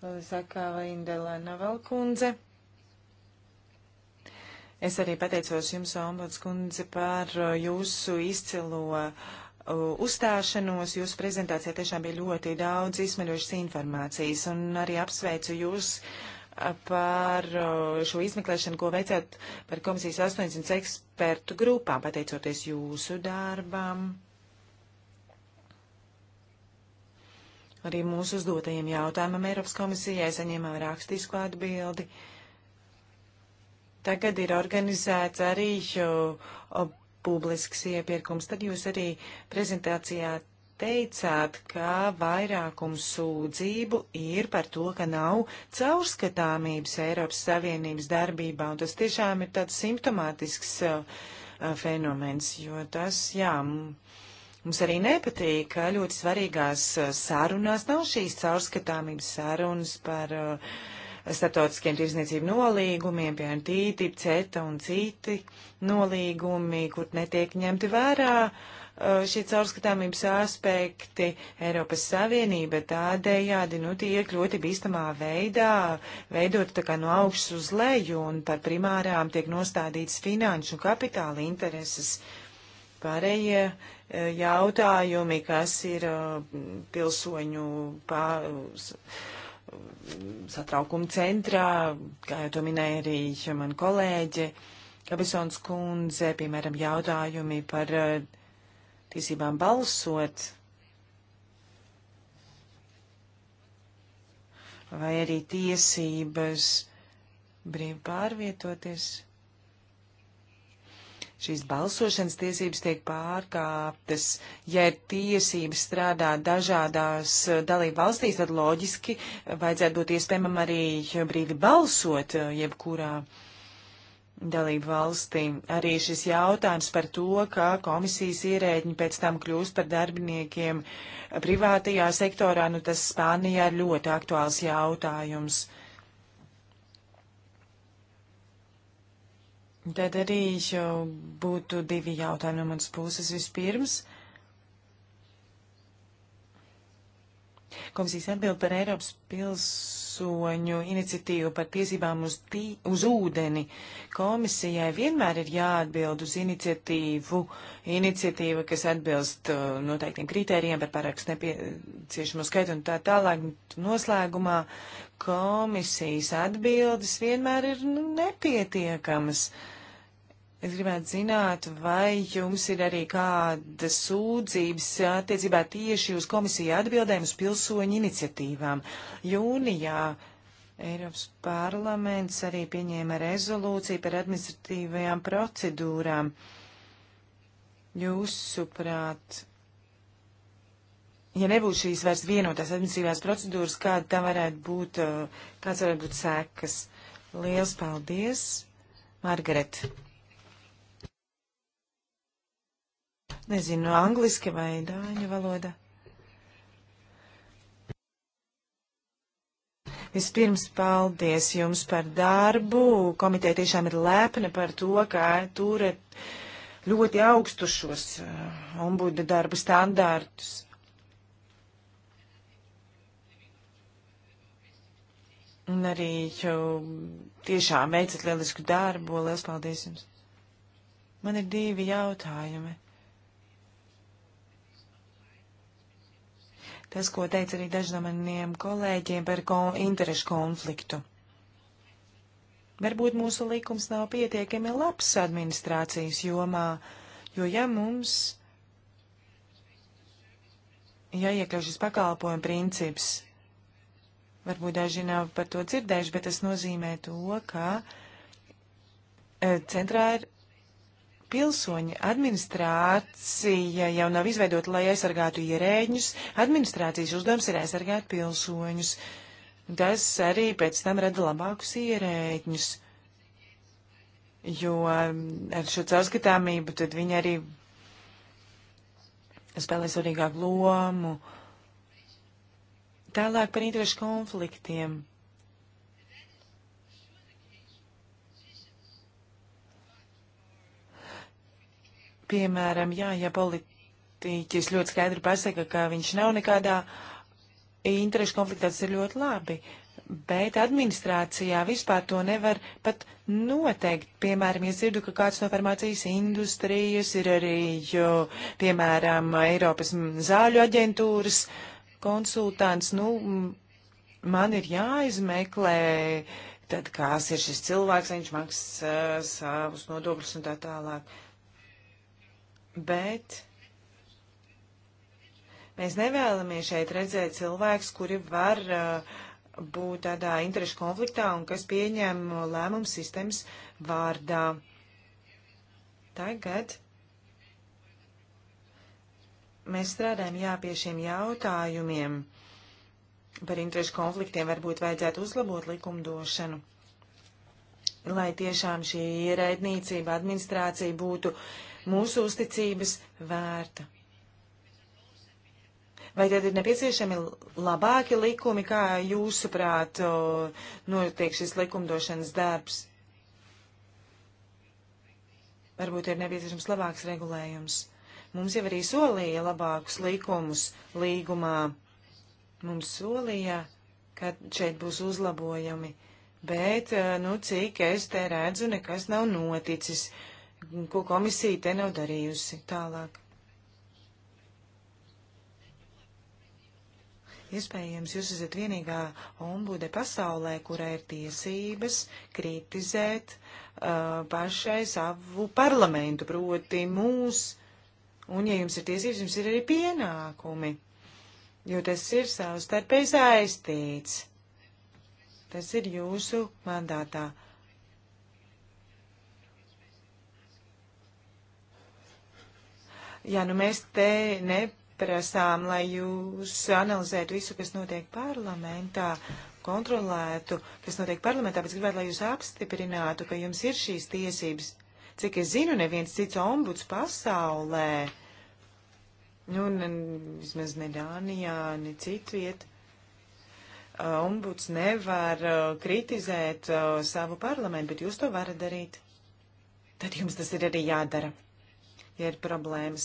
Sakāva Indela Navalkundze. Es arī pateicos jums, Ombuds kundze, par uh, jūsu izcilo uh, Uh, uzstāšanos. Jūsu prezentācijā tiešām bija ļoti daudz izsmeļošas informācijas, un arī apsveicu jūs uh, par uh, šo izmeklēšanu, ko veicāt par komisijas 800 ekspertu grupām, pateicoties jūsu darbam. Arī mūsu uzdotajiem jautājumam Eiropas komisijai saņēmām rakstisku atbildi. Tagad ir organizēts arī publisks iepirkums, tad jūs arī prezentācijā teicāt, ka vairākums sūdzību ir par to, ka nav caurskatāmības Eiropas Savienības darbībā, un tas tiešām ir tāds simptomātisks uh, uh fenomens, jo tas, jā, mums arī nepatīk, ka ļoti svarīgās uh, sarunās nav šīs caurskatāmības sarunas par uh, starptautiskiem tirzniecību nolīgumiem, piemēram, TTIP, CETA un citi nolīgumi, kur netiek ņemti vērā uh, šie caurskatāmības aspekti Eiropas Savienība tādējādi, nu, tiek ļoti bīstamā veidā veidot tā kā no augšas uz leju un par primārām tiek nostādīts finanšu un kapitāla intereses. Pārējie uh, jautājumi, kas ir uh, pilsoņu pār, satraukuma centrā, kā jau to minēja arī man kolēģi, Kabisons kundze, piemēram, jautājumi par eh, tiesībām balsot, vai arī tiesības brīvi pārvietoties šīs balsošanas tiesības tiek pārkāptas. Ja ir tiesības strādāt dažādās eh, dalību valstīs, tad loģiski vajadzētu būt iespējamam arī brīvi balsot eh, jebkurā dalību valstī. Arī šis jautājums par to, ka komisijas ierēģi pēc tam kļūst par darbiniekiem privātajā sektorā, nu tas Spānijā ir ļoti aktuāls jautājums. Uh, Tad arī jau būtu divi jautājumi no manas puses vispirms. Komisijas atbild par Eiropas pilsoņu iniciatīvu par tiesībām uz, tī, uz ūdeni. Komisijai vienmēr ir jāatbild uz iniciatīvu, iniciatīva, kas atbilst uh, noteiktiem kritērijiem par parakstu nepieciešamo skaitu un tā tālāk. Noslēgumā komisijas atbildes vienmēr ir nu, nepietiekamas. Uh, Es gribētu zināt, vai jums ir arī kāda sūdzības attiecībā tieši uz komisiju atbildēm uz pilsoņu iniciatīvām. Jūnijā Eiropas parlaments arī pieņēma rezolūciju par administratīvajām procedūrām. Jūsuprāt, ja nebūs šīs vairs vienotās administratīvās procedūras, kāda tā varētu būt, kāds varētu būt sekas? Liels paldies, Margaret! Nezinu, angliski vai dāņu valoda. Vispirms paldies jums par darbu. Komiteja tiešām ir lepna par to, ka turat ļoti augstus šos eh, ombuda darba standārtus. Un arī jau tiešām veicat lielisku darbu. Lielas paldies jums! Man ir divi jautājumi. tas, ko teica arī daži no maniem kolēģiem par kon interešu konfliktu. Varbūt mūsu likums nav pietiekami labs administrācijas jomā, jo ja mums jāiekļauj ja šis pakalpojuma princips, varbūt daži nav par to dzirdējuši, bet tas nozīmē to, ka eh, centrā ir pilsoņi, administrācija jau nav izveidota, lai aizsargātu ierēģņus. Administrācijas uzdevums ir aizsargāt pilsoņus. Tas arī pēc tam rada labākus ierēģņus, jo um, ar šo caurskatāmību tad viņi arī spēlē svarīgāku lomu. Tālāk par interešu konfliktiem. Piemēram, jā, ja politiķis ļoti skaidri pasaka, ka viņš nav nekādā interešu konfliktā, tas ir ļoti labi. Bet administrācijā vispār to nevar pat noteikt. Piemēram, es dzirdu, ka kāds no farmācijas industrijas ir arī, jo, piemēram, Eiropas zāļu aģentūras konsultants. Nu, man ir jāizmeklē, tad kāds ir šis cilvēks, viņš maksā savus nodokļus un tā tālāk bet mēs nevēlamies šeit redzēt cilvēkus, kuri var uh, būt tādā interešu konfliktā un kas pieņem lēmumu sistēmas vārdā. Tagad mēs strādājam jā pie šiem jautājumiem par interešu konfliktiem. Varbūt vajadzētu uzlabot likumdošanu, lai tiešām šī ierēdniecība, administrācija būtu uh, mūsu uzticības vērta. Vai tad ir nepieciešami labāki likumi, kā jūsuprāt notiek šis likumdošanas darbs? Varbūt ir nepieciešams labāks regulējums. Mums jau arī solīja labākus likumus līgumā. Mums solīja, ka šeit būs uzlabojumi. Bet, e, nu, cik es te redzu, nekas nav noticis. Uh, ko komisija te nav darījusi tālāk. Iespējams, jūs esat vienīgā ombude pasaulē, kurai ir tiesības kritizēt uh, pašai savu parlamentu, proti mūs. Un, ja jums ir tiesības, jums ir arī pienākumi, jo tas ir savstarpēji saistīts. Tas ir jūsu mandātā. Uh, Jā, nu mēs te neprasām, lai jūs analizētu visu, kas notiek parlamentā, kontrolētu, kas notiek parlamentā, bet gribētu, lai jūs apstiprinātu, ka jums ir šīs tiesības. Cik es zinu, neviens cits ombuds pasaulē, nu, ne, vismaz ne Dānijā, ne citviet, ombuds nevar kritizēt savu parlamentu, bet jūs to varat darīt. Tad jums tas ir arī jādara ja ir problēmas.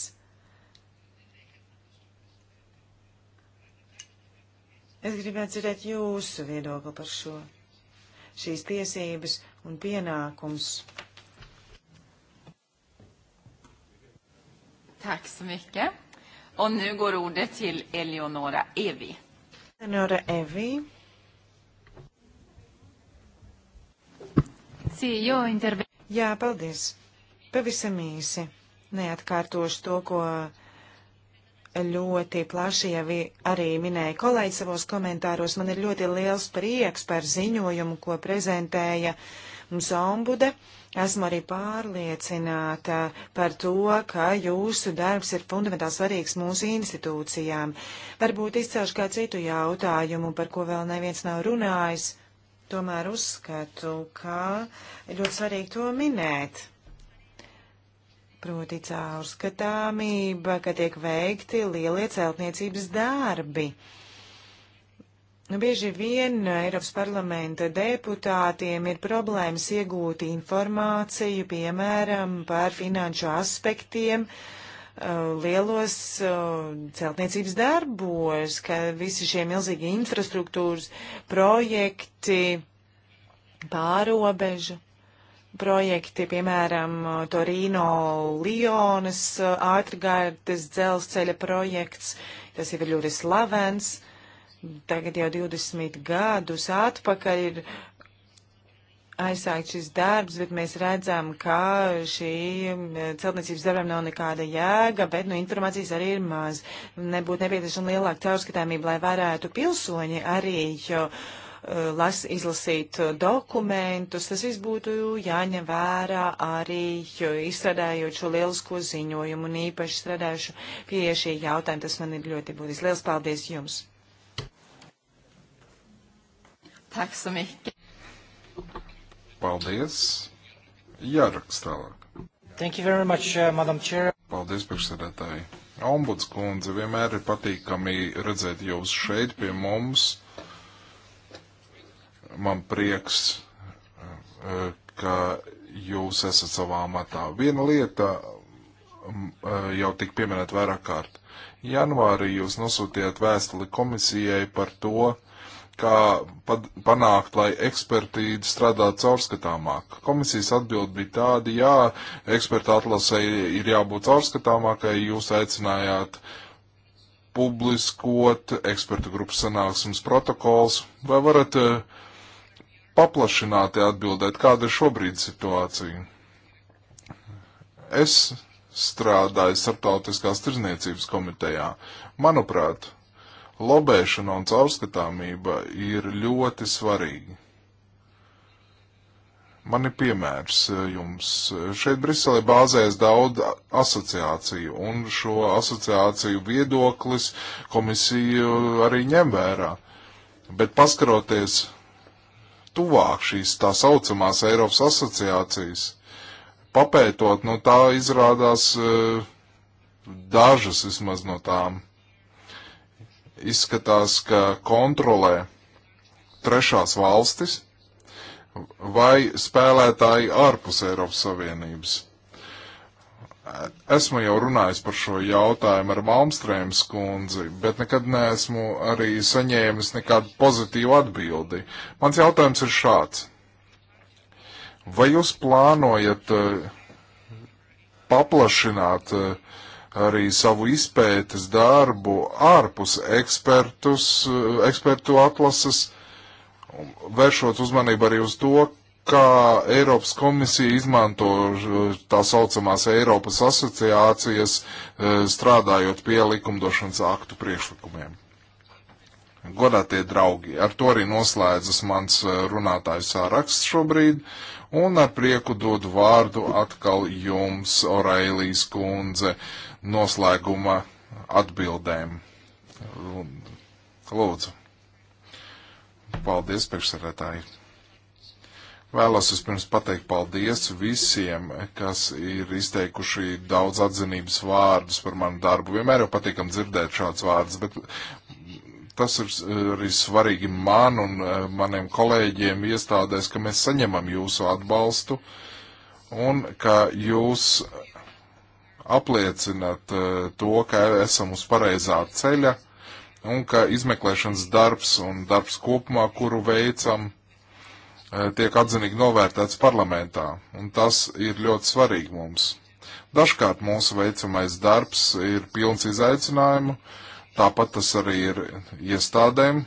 Es gribētu dzirdēt jūsu viedokli par šo, šīs tiesības un pienākums. Tack så mycket. Och nu går ordet till Eleonora Evi. Eleonora Evi. Sí, jo interve... Jā, paldies. Pavisam īsi. Neatkārtošu to, ko ļoti plaši jau arī minēja kolēģi savos komentāros. Man ir ļoti liels prieks par ziņojumu, ko prezentēja mums ombude. Esmu arī pārliecināta par to, ka jūsu darbs ir fundamentāli svarīgs mūsu institūcijām. Varbūt izcelšu kā citu jautājumu, par ko vēl neviens nav runājis. Tomēr uzskatu, ka ļoti svarīgi to minēt proti caurskatāmība, ka tiek veikti lielie celtniecības darbi. Nu, bieži vien Eiropas parlamenta deputātiem ir problēmas iegūt informāciju, piemēram, par finanšu aspektiem, uh, lielos uh, celtniecības darbos, ka visi šie milzīgi infrastruktūras projekti pārobežu projekti, piemēram, Torino, Lionas, eh, ātrgārtas dzelzceļa projekts, tas jau ir ļoti slavens. Tagad jau 20 gadus atpakaļ ir aizsākt šis darbs, bet mēs redzam, ka šī eh, celtniecības darbam nav nekāda jēga, bet nu, informācijas arī ir maz. Nebūtu nepieciešama lielāka caurskatāmība, lai varētu pilsoņi arī. Jo, uh, Eh, las, izlasīt eh, dokumentus. Tas viss būtu jāņem vērā arī izstrādājot šo lielisko ziņojumu un īpaši strādājušu pie šī jautājuma. Tas man ir ļoti būtiski. Liels paldies jums! Tack så mycket. Paldies. Jāraks tālāk. Thank you very much, uh, Madam Chair. Paldies, priekšsēdētāji. Ombuds kundze, vienmēr ir patīkami redzēt jūs šeit pie mums man prieks, ka jūs esat savā matā. Viena lieta jau tik pieminēt vairāk kārt. Janvārī jūs nosūtījāt vēstuli komisijai par to, kā panākt, lai ekspertīdi strādātu caurskatāmāk. Komisijas atbild bija tāda, jā, eksperta atlasē ir jābūt caurskatāmākai, jūs aicinājāt publiskot ekspertu grupas sanāksmes protokols, vai varat uh, paplašināti atbildēt, kāda ir šobrīd situācija. Es strādāju starptautiskās tirzniecības komitejā. Manuprāt, lobēšana un caurskatāmība ir ļoti svarīgi. Man ir piemērs eh, jums. Šeit Briselē bāzēs daudz asociāciju, un šo asociāciju viedoklis komisija arī ņem vērā. Bet paskaroties tuvāk šīs tā saucamās Eiropas asociācijas. Papētot, nu tā izrādās eh, dažas vismaz no tām. Izskatās, ka kontrolē trešās valstis vai spēlētāji ārpus Eiropas Savienības. Esmu jau runājis par šo jautājumu ar Malmstrēmas kundzi, bet nekad neesmu arī saņēmis nekādu pozitīvu atbildi. Mans jautājums ir šāds. Vai jūs plānojat eh, paplašināt eh, arī savu izpētes darbu ārpus ekspertus, eh, ekspertu atlases, vēršot uzmanību arī uz to, kā Eiropas komisija izmanto tā saucamās Eiropas asociācijas, e, strādājot pie likumdošanas aktu priekšlikumiem. Godātie draugi, ar to arī noslēdzas mans e, runātājs sāraksts šobrīd, un ar prieku dodu vārdu atkal jums, Orailijas kundze, noslēguma atbildēm. Lūdzu. Paldies, priekšsarētāji. Vēlos vispirms pateikt paldies visiem, kas ir izteikuši daudz atzinības vārdus par manu darbu. Vienmēr jau patīkam dzirdēt šāds vārdus, bet tas ir arī svarīgi man un e, maniem kolēģiem iestādēs, ka mēs saņemam jūsu atbalstu un ka jūs apliecinat e, to, ka esam uz pareizā ceļa un ka izmeklēšanas darbs un darbs kopumā, kuru veicam, Eh, tiek atzinīgi novērtēts parlamentā, un tas ir ļoti svarīgi mums. Dažkārt mūsu veicamais darbs ir pilns izaicinājumu, tāpat tas arī ir iestādēm,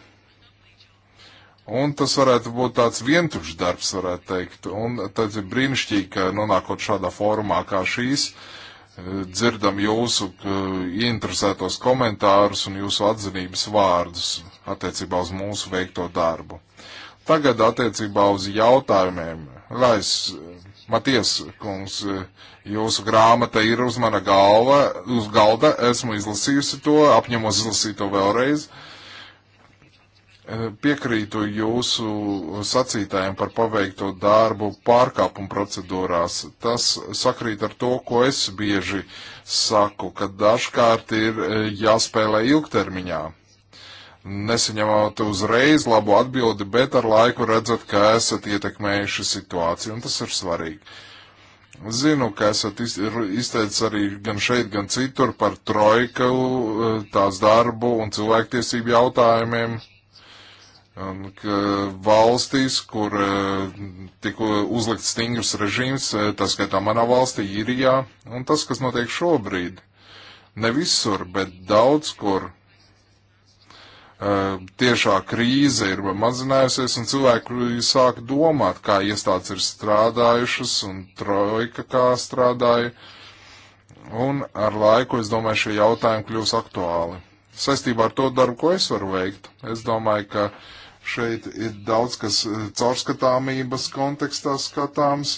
un tas varētu būt tāds vientušs darbs, varētu teikt, un tad ir brīnišķīgi, ka nonākot šādā formā kā šīs, eh, dzirdam jūsu eh, interesētos komentārus un jūsu atzinības vārdus attiecībā uz mūsu veikto darbu. Tagad attiecībā uz jautājumiem. Lai es, Maties, kungs, jūsu grāmata ir uz mana galva, uz galda, esmu izlasījusi to, apņemos izlasīt to vēlreiz. Piekrītu jūsu sacītājiem par paveikto darbu pārkāpumu procedūrās. Tas sakrīt ar to, ko es bieži saku, ka dažkārt ir eh, jāspēlē ilgtermiņā nesaņemot uzreiz labu atbildi, bet ar laiku redzat, ka esat ietekmējuši situāciju, un tas ir svarīgi. Zinu, ka esat izteicis arī gan šeit, gan citur par trojku, tās darbu un cilvēktiesību jautājumiem. Un, ka valstīs, kur eh, tika uzlikts stingrs režīms, eh, tas skaitā manā valstī, Irijā, un tas, kas notiek šobrīd, ne visur, bet daudz kur tiešā krīze ir mazinājusies un cilvēki sāk domāt, kā iestādes ir strādājušas un trojka kā strādāja. Un ar laiku, es domāju, šie jautājumi kļūs aktuāli. Sestībā ar to darbu, ko es varu veikt, es domāju, ka šeit ir daudz kas caurskatāmības kontekstā skatāms,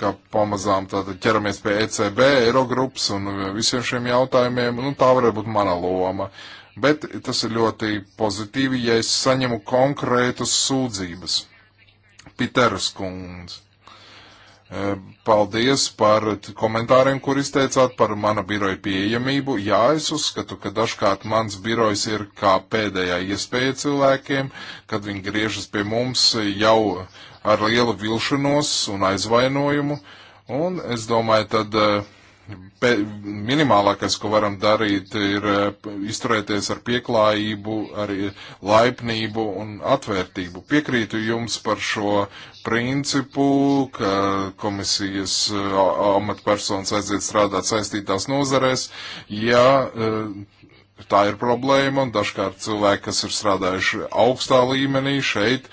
ka pamazām tātad ķeramies pie ECB, Eirogrups un visiem šiem jautājumiem, nu tā varētu būt mana loma. Uh, bet tas ir ļoti pozitīvi, ja es saņemu konkrētas sūdzības. Piteras kundze. E, paldies par komentāriem, kur izteicāt par mana biroja pieejamību. Jā, es uzskatu, ka dažkārt mans birojs ir kā pēdējā iespēja cilvēkiem, kad viņi griežas pie mums jau ar lielu vilšanos un aizvainojumu. Un es domāju, tad uh, minimālākais, ko varam darīt, ir eh, izturēties ar pieklājību, ar eh, laipnību un atvērtību. Piekrītu jums par šo principu, ka komisijas eh, amatpersonas aiziet strādāt saistītās nozarēs, ja tā ir problēma, un dažkārt cilvēki, kas ir strādājuši augstā līmenī šeit,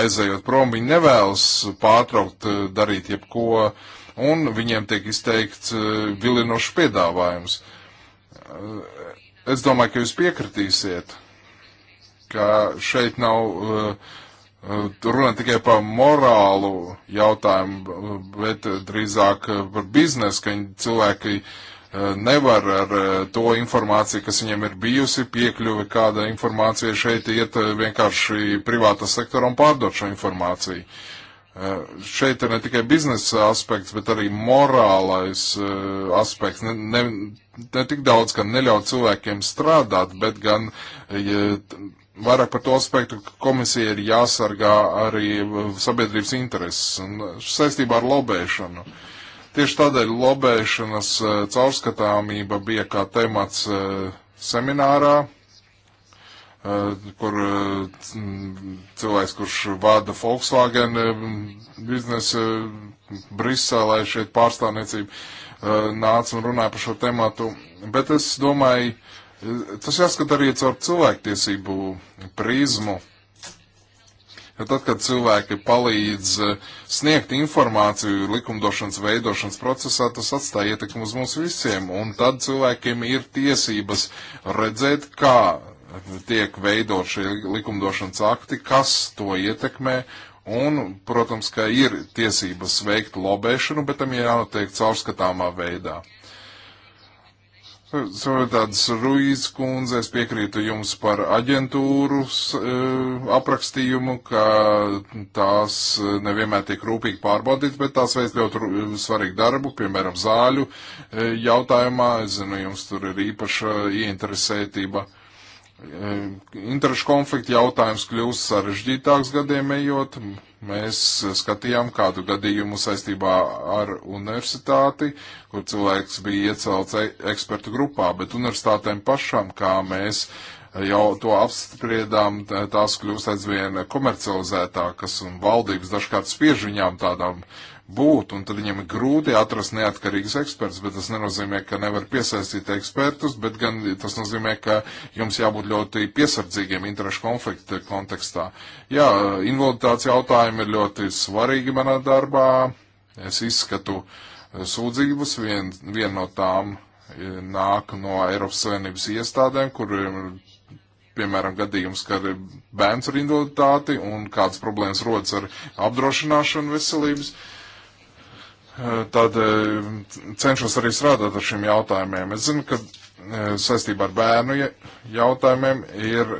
aizējot prom, viņi nevēlas pārtraukt darīt jebko, uh, un viņiem tiek izteikts eh, vilinošs piedāvājums. Eh, es domāju, ka jūs piekritīsiet, ka šeit nav eh, runa tikai par morālu jautājumu, bet drīzāk par biznesu, ka cilvēki nevar ar to informāciju, kas viņiem ir bijusi, piekļuvi kāda informācija šeit iet vienkārši privāta sektora un pārdot šo informāciju. Uh, Eh, šeit ir ne tikai biznesa aspekts, bet arī morālais eh, aspekts. Ne, ne, ne tik daudz, ka neļaut cilvēkiem strādāt, bet gan ja, vairāk par to aspektu, ka komisija ir jāsargā arī eh, sabiedrības intereses un saistībā ar lobēšanu. Tieši tādēļ lobēšanas caurskatāmība bija kā temats seminārā, Eh, kur eh, cilvēks, kurš vada Volkswagen eh, biznesu Briselē, šeit pārstāvniecību, nāca un runāja par šo tematu. Bet es domāju, tas jāskat arī caur cilvēktiesību prizmu. Ja tad, kad cilvēki palīdz sniegt informāciju likumdošanas veidošanas procesā, tas atstāja ietekmi uz mums visiem, un tad cilvēkiem ir tiesības redzēt, kā tiek veidot šie likumdošanas akti, kas to ietekmē, un, protams, ka ir tiesības veikt lobēšanu, bet tam jānotiek caurskatāmā veidā. Tādas Ruīzes kundze, es piekrītu jums par aģentūras e, aprakstījumu, ka tās e, nevienmēr tiek rūpīgi pārbaudītas, bet tās veids ļoti e, svarīgu darbu, piemēram, zāļu e, jautājumā. Es zinu, jums tur ir īpaša ieinteresētība. E, Interešu konflikta jautājums kļūst sarežģītāks gadiem ejot. Mēs skatījām kādu gadījumu saistībā ar universitāti, kur cilvēks bija iecelts e- ekspertu grupā, bet universitātēm pašām, kā mēs jau to apspriedām, tās kļūst aizvien komercializētākas un valdības dažkārt spiež viņām tādām uh, būt, un tad viņiem ir grūti atrast neatkarīgus ekspertus, bet tas nenozīmē, ka nevar piesaistīt ekspertus, bet gan tas nozīmē, ka jums jābūt ļoti piesardzīgiem interešu konflikta kontekstā. Jā, invaliditātes jautājumi ir ļoti svarīgi manā darbā. Es izskatu eh, sūdzības, vien, viena no tām eh, nāk no Eiropas Savienības iestādēm, kuriem ir piemēram, gadījums, kad bērns ar invaliditāti un kādas problēmas rodas ar apdrošināšanu veselības. Uh, Eh, tad eh, cenšos arī strādāt ar šiem jautājumiem. Es zinu, ka eh, saistībā ar bērnu jautājumiem ir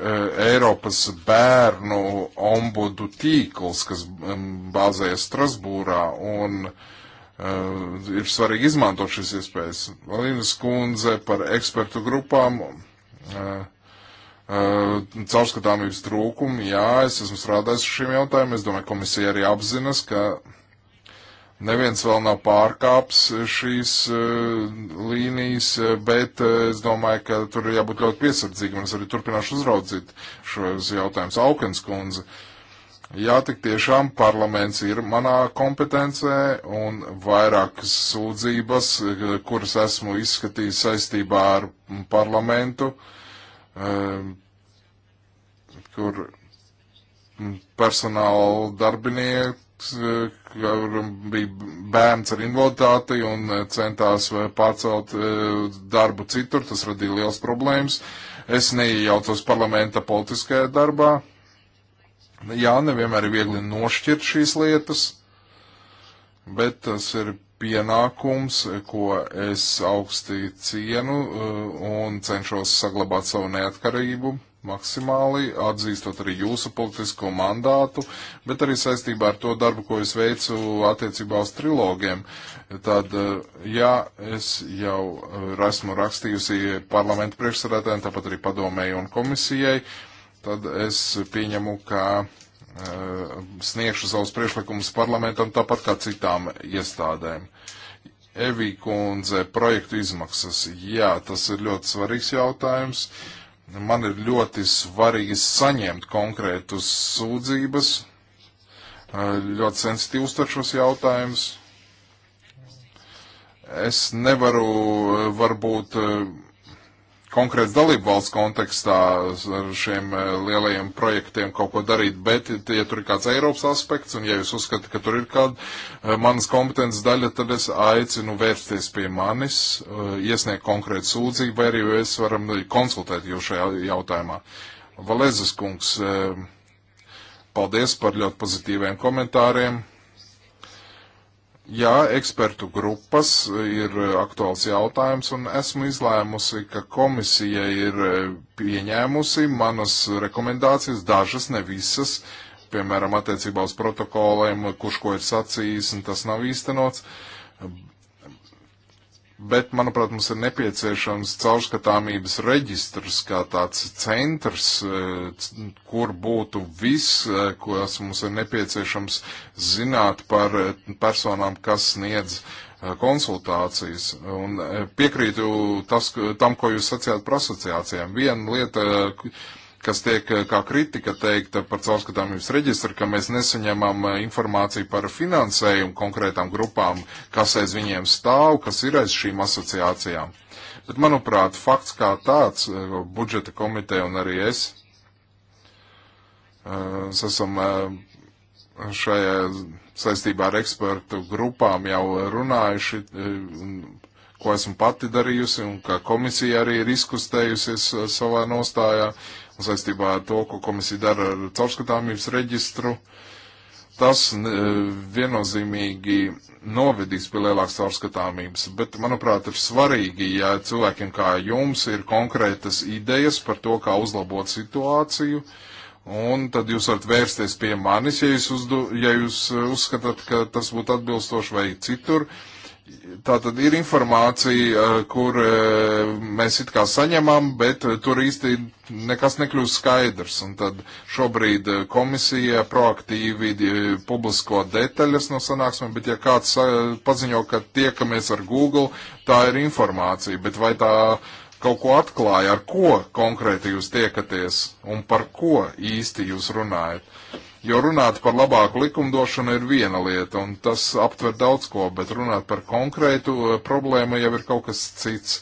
Eiropas bērnu ombudu tīkls, kas mm, bāzējas Strasbūrā un ir svarīgi izmantot šīs iespējas. Valīnas kundze par ekspertu grupām. Uh, caurskatāmības trūkumu. Jā, es esmu strādājis ar šiem jautājumiem. Es domāju, komisija arī apzinas, ka Neviens vēl nav pārkāps šīs uh, līnijas, e, bet uh, es domāju, ka tur jābūt ļoti piesardzīgam. Es arī turpināšu uzraudzīt šos jautājumus. Aukens kundze, jā, tik tiešām parlaments ir manā kompetencē un vairākas sūdzības, kuras esmu izskatījis saistībā ar parlamentu, uh, kur personāla darbinieku kuram eh, bija bērns ar invaliditāti un eh, centās eh, pārcelt darbu citur, tas radīja liels problēmas. Es neiejaucos parlamenta politiskajā darbā. Jā, nevienmēr ir viegli nošķirt šīs lietas, bet tas ir pienākums, ko es augstī cienu un cenšos saglabāt savu neatkarību maksimāli, atzīstot arī jūsu politisko mandātu, bet arī saistībā ar to darbu, ko es veicu attiecībā uz trilogiem. Tad, eh, jā, es jau eh, esmu rakstījusi parlamentu priekšsarētājiem, tāpat arī padomēju un komisijai, tad es pieņemu, ka uh, sniegšu savus priekšlikumus parlamentam tāpat kā citām iestādēm. Evī kundze, projektu izmaksas. Jā, tas ir ļoti svarīgs jautājums. Uh, Nu, man ir ļoti svarīgi saņemt konkrētus sūdzības, ļoti sensitīvs ar šos jautājumus. Es nevaru varbūt konkrēts dalību valsts kontekstā ar šiem eh, lielajiem projektiem kaut ko darīt, bet, ja tur ir kāds Eiropas aspekts, un ja jūs uzskatāt, ka tur ir kāda eh, manas kompetences daļa, tad es aicinu vērsties pie manis, eh, iesniegt konkrētu sūdzību, vai arī mēs varam konsultēt jūs šajā jautājumā. Valēzes kungs, paldies par ļoti pozitīviem komentāriem. Jā, ekspertu grupas ir e, aktuāls jautājums, un esmu izlēmusi, ka komisija ir e, pieņēmusi manas rekomendācijas, dažas, ne visas, piemēram, attiecībā uz protokoliem, kurš ko ir sacījis, un tas nav īstenots bet, manuprāt, mums ir nepieciešams caurskatāmības reģistrs kā tāds centrs, e, kur būtu viss, e, kas mums ir nepieciešams zināt par e, personām, kas sniedz konsultācijas. Un piekrītu tas, tam, ko jūs sacījāt par asociācijām. Viena lieta, kas tiek eh, kā kritika teikta par caurskatāmības reģistru, ka mēs nesaņemam eh, informāciju par finansējumu konkrētām grupām, kas aiz viņiem stāv, kas ir aiz šīm asociācijām. Bet, manuprāt, fakts kā tāds, eh, budžeta komiteja un arī es, es esam šajā saistībā ar ekspertu grupām jau runājuši, ko esmu pati darījusi un ka komisija arī ir izkustējusies savā nostājā. Uh, un saistībā ar to, ko komisija dara ar caurskatāmības reģistru. Tas viennozīmīgi novedīs pie lielākas caurskatāmības, bet, manuprāt, ir svarīgi, ja cilvēkiem kā jums ir konkrētas idejas par to, kā uzlabot situāciju, un tad jūs varat vērsties pie manis, ja jūs, uzdu, ja jūs uh, uzskatāt, ka tas būtu atbilstoši vai citur. Uh, Tā tad ir informācija, eh, kur eh, mēs it kā saņemam, bet eh, tur īsti nekas nekļūst skaidrs. Un tad šobrīd komisija proaktīvi publisko detaļas no sanāksmēm, bet ja kāds paziņo, ka tiekamies ar Google, tā ir informācija, bet vai tā kaut ko atklāja, ar ko konkrēti jūs tiekaties un par ko īsti jūs runājat. Jo runāt par labāku likumdošanu ir viena lieta, un tas aptver daudz ko, bet runāt par konkrētu uh, problēmu jau ir kaut kas cits.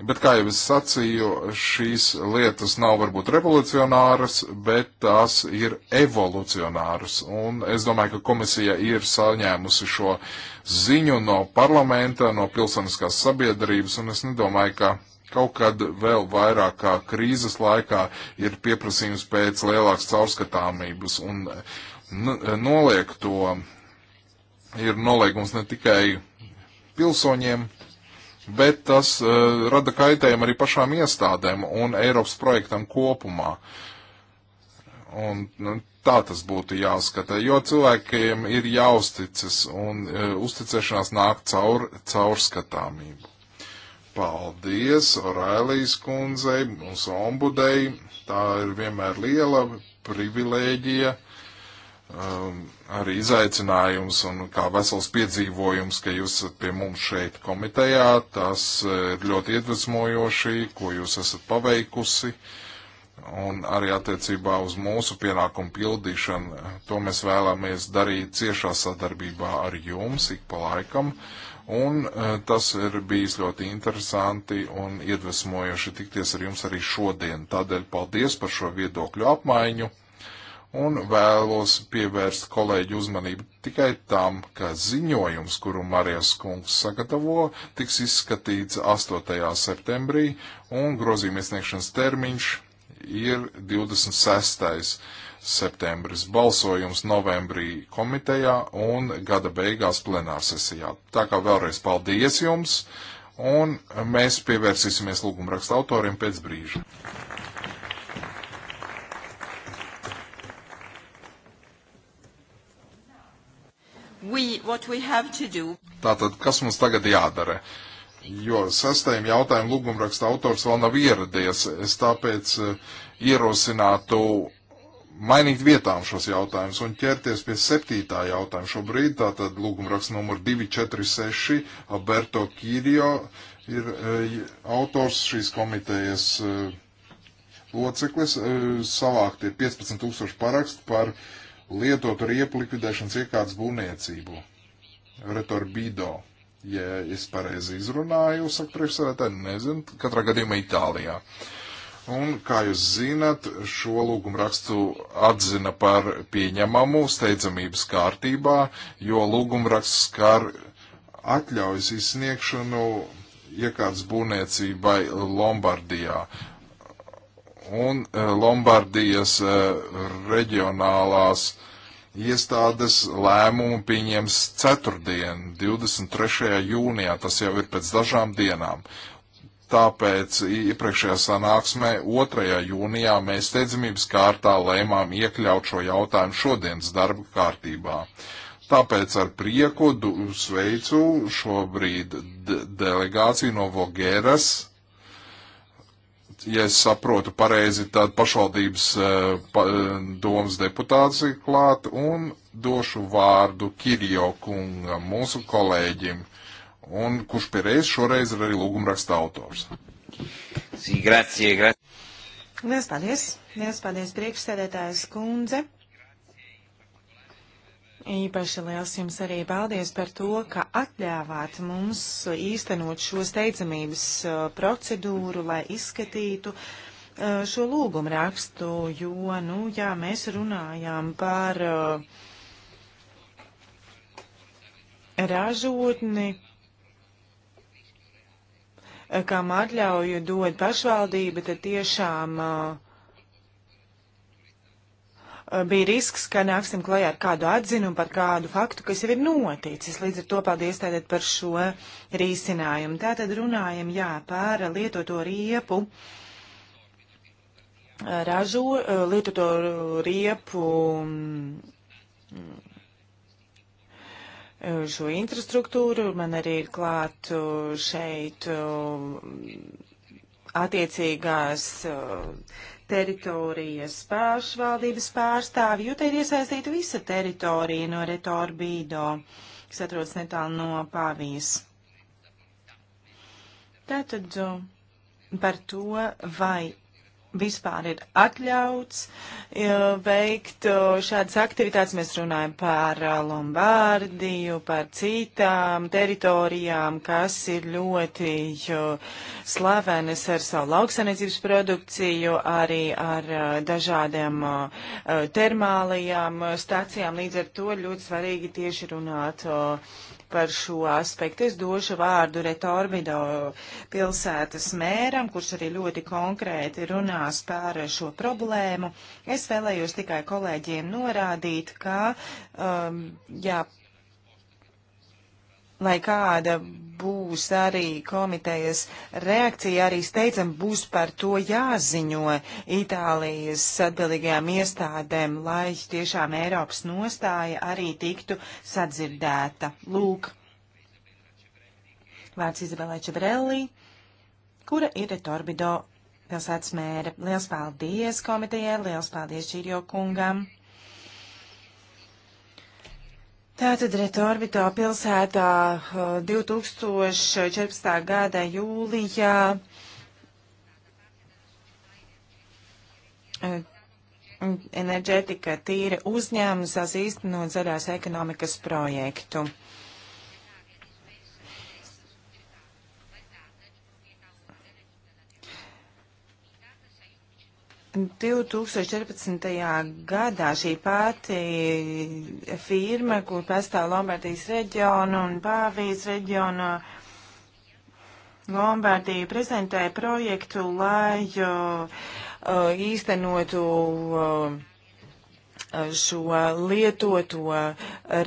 Bet, kā jau es sacīju, šīs lietas nav varbūt revolucionāras, bet tās ir evolucionāras. Un es domāju, ka komisija ir saņēmusi šo ziņu no parlamenta, no pilsoniskās sabiedrības, un es nedomāju, ka kaut kad vēl vairāk kā krīzes laikā ir pieprasījums pēc lielākas caurskatāmības un noliek to ir noliegums ne tikai pilsoņiem, bet tas uh, rada kaitējumu arī pašām iestādēm un Eiropas projektam kopumā. Un nu, tā tas būtu jāskata, jo cilvēkiem ir jāuzticas un uh, uzticēšanās nāk caur, caur skatāmību. Paldies Orēlijas kundzei, mūsu ombudei. Tā ir vienmēr liela privilēģija, um, arī izaicinājums un kā vesels piedzīvojums, ka jūs esat pie mums šeit komitejā. Tas eh, ir ļoti iedvesmojoši, ko jūs esat paveikusi. Un arī attiecībā uz mūsu pienākumu pildīšanu, to mēs vēlamies darīt ciešā sadarbībā ar jums ik pa laikam Un e, tas ir bijis ļoti interesanti un iedvesmojoši tikties ar jums arī šodien. Tādēļ paldies par šo viedokļu apmaiņu un vēlos pievērst kolēģu uzmanību tikai tam, ka ziņojums, kuru Marijas kungs sagatavo, tiks izskatīts 8. septembrī un grozījuma iesniegšanas termiņš ir 26 septembris, balsojums novembrī komitejā un gada beigās plenārsesijā. Tā kā vēlreiz paldies jums, un mēs pievērsīsimies lūgumrakstu autoriem pēc brīža. We, we Tātad, kas mums tagad jādara? Jo sastajam jautājumu lūgumraksta autors vēl nav ieradies, es tāpēc eh, ierosinātu mainīt vietām šos jautājumus un ķerties pie septītā jautājuma šobrīd. Tātad lūgumraksts numur 246 Alberto Kīrio ir e, autors šīs komitejas e, loceklis. E, savākt ir 15 tūkstoši parakstu par lietotu riepu likvidēšanas iekārtas būvniecību. Retorbido, ja es pareizi izrunāju, saka priekšsēdētāji, nezinu, katrā gadījumā Itālijā. Uh, Un, kā jūs zinat, šo lūgumu rakstu atzina par pieņemamu steidzamības kārtībā, jo lūgumu raksts skar atļaujas izsniegšanu iekārtas būvniecībai Lombardijā. Un eh, Lombardijas eh, reģionālās iestādes lēmumu pieņems ceturtdien, 23. jūnijā, tas jau ir pēc dažām dienām. Tāpēc iepriekšējā sanāksmē 2. jūnijā mēs steidzamības kārtā lēmām iekļaut šo jautājumu šodienas darba kārtībā. Tāpēc ar prieku sveicu šobrīd de delegāciju no Vogeras, ja es saprotu pareizi, tad pašvaldības eh, pa, eh, domas deputāts ir klāt un došu vārdu Kirjo kungam, mūsu kolēģim, un kurš pēreiz šoreiz ir arī lūgumraksta autors. Sī, grazie, grazie. Liels paldies. Liels paldies priekšsēdētājas kundze. Īpaši liels jums arī paldies par to, ka atļāvāt mums īstenot šo steidzamības uh, procedūru, lai izskatītu uh, šo lūgumu rakstu, jo, nu, jā, mēs runājām par uh, ražotni, Eh, kam atļauju dod pašvaldība, tad tiešām eh, bija risks, ka nāksim klajā ar kādu atzinumu par kādu faktu, kas jau ir noticis. Līdz ar to paldies tātad par šo risinājumu. Tātad runājam, jā, par lietoto riepu eh, ražo, lietoto riepu mm, šo infrastruktūru. Man arī ir klāt uh, šeit uh, attiecīgās uh, teritorijas pašvaldības pārstāvi, jo te ir iesaistīta visa teritorija no Retorbīdo, kas atrodas netālu no Pāvijas. Tātad par to, vai vispār ir atļauts e, veikt e, šādas aktivitātes. Mēs runājam par e, Lombardiju, par citām teritorijām, kas ir ļoti slavenas ar savu lauksaimniecības produkciju, arī ar dažādiem termālajām stacijām. Līdz ar to ļoti svarīgi tieši runāt par šo aspektu. Es došu vārdu Retorbido pilsētas mēram, kurš arī ļoti konkrēti runās par šo problēmu. Es vēlējos tikai kolēģiem norādīt, ka um, jā, lai kāda būs arī komitejas reakcija, arī steidzam būs par to jāziņo Itālijas atbildīgajām iestādēm, lai tiešām Eiropas nostāja arī tiktu sadzirdēta. Lūk, vārds Izabelē Čebrelli, kura ir Torbido pilsētas mēre. Liels paldies komitejai, liels paldies Čirjo kungam! Tātad Retorvito pilsētā 2014. Uh, gada jūlijā uh, enerģētika tīra uzņēmums sās īstenot zaļās ekonomikas projektu. 2014. gadā šī pati firma, kur pastāv Lombardijas reģionu un Pāvijas reģionu, Lombardija prezentēja projektu, lai uh, uh īstenotu uh, uh, šo lietoto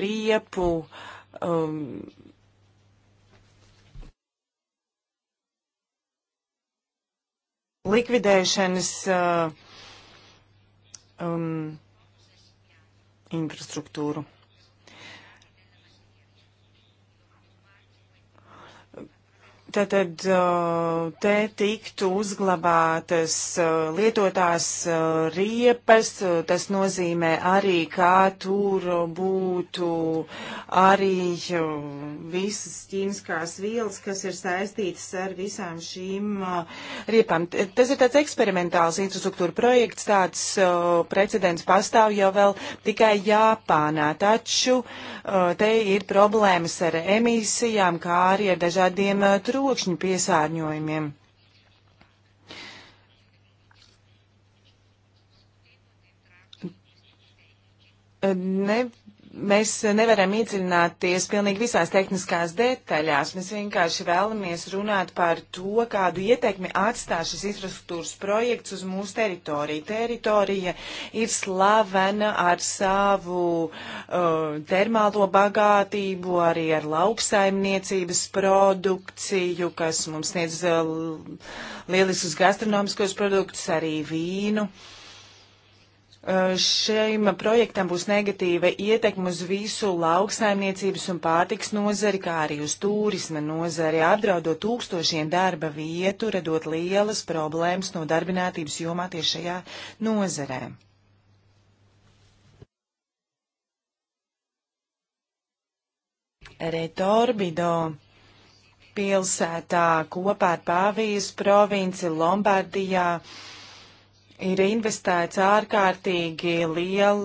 riepu um, likvidēšanas uh, um, infrastruktūru. Tātad te tiktu uzglabātas lietotās riepas, tas nozīmē arī, kā tur būtu arī visas ķīmiskās vielas, kas ir saistītas ar visām šīm riepām. Tas ir tāds eksperimentāls infrastruktūra projekts, tāds precedents pastāv jau vēl tikai Japānā, taču te ir problēmas ar emisijām, kā arī ar dažādiem trūkumiem trokšņu piesārņojumiem. Ne, mēs nevaram iedziļināties pilnīgi visās tehniskās detaļās. Mēs vienkārši vēlamies runāt par to, kādu ietekmi atstās šis infrastruktūras projekts uz mūsu teritoriju. Teritorija ir slavena ar savu uh, termālo bagātību, arī ar lauksaimniecības produkciju, kas mums sniedz uh, lieliskus gastronomiskos produktus, arī vīnu. Uh, Eh, Šiem projektam būs negatīva ietekme uz visu lauksaimniecības un pārtiks nozari, kā arī uz turisma nozari, apdraudot tūkstošiem darba vietu, radot lielas problēmas no darbinātības jomā tieši šajā nozarē. Retorbido pilsētā kopā ar Pāvijas provinci Lombardijā ir investēts ārkārtīgi, liel,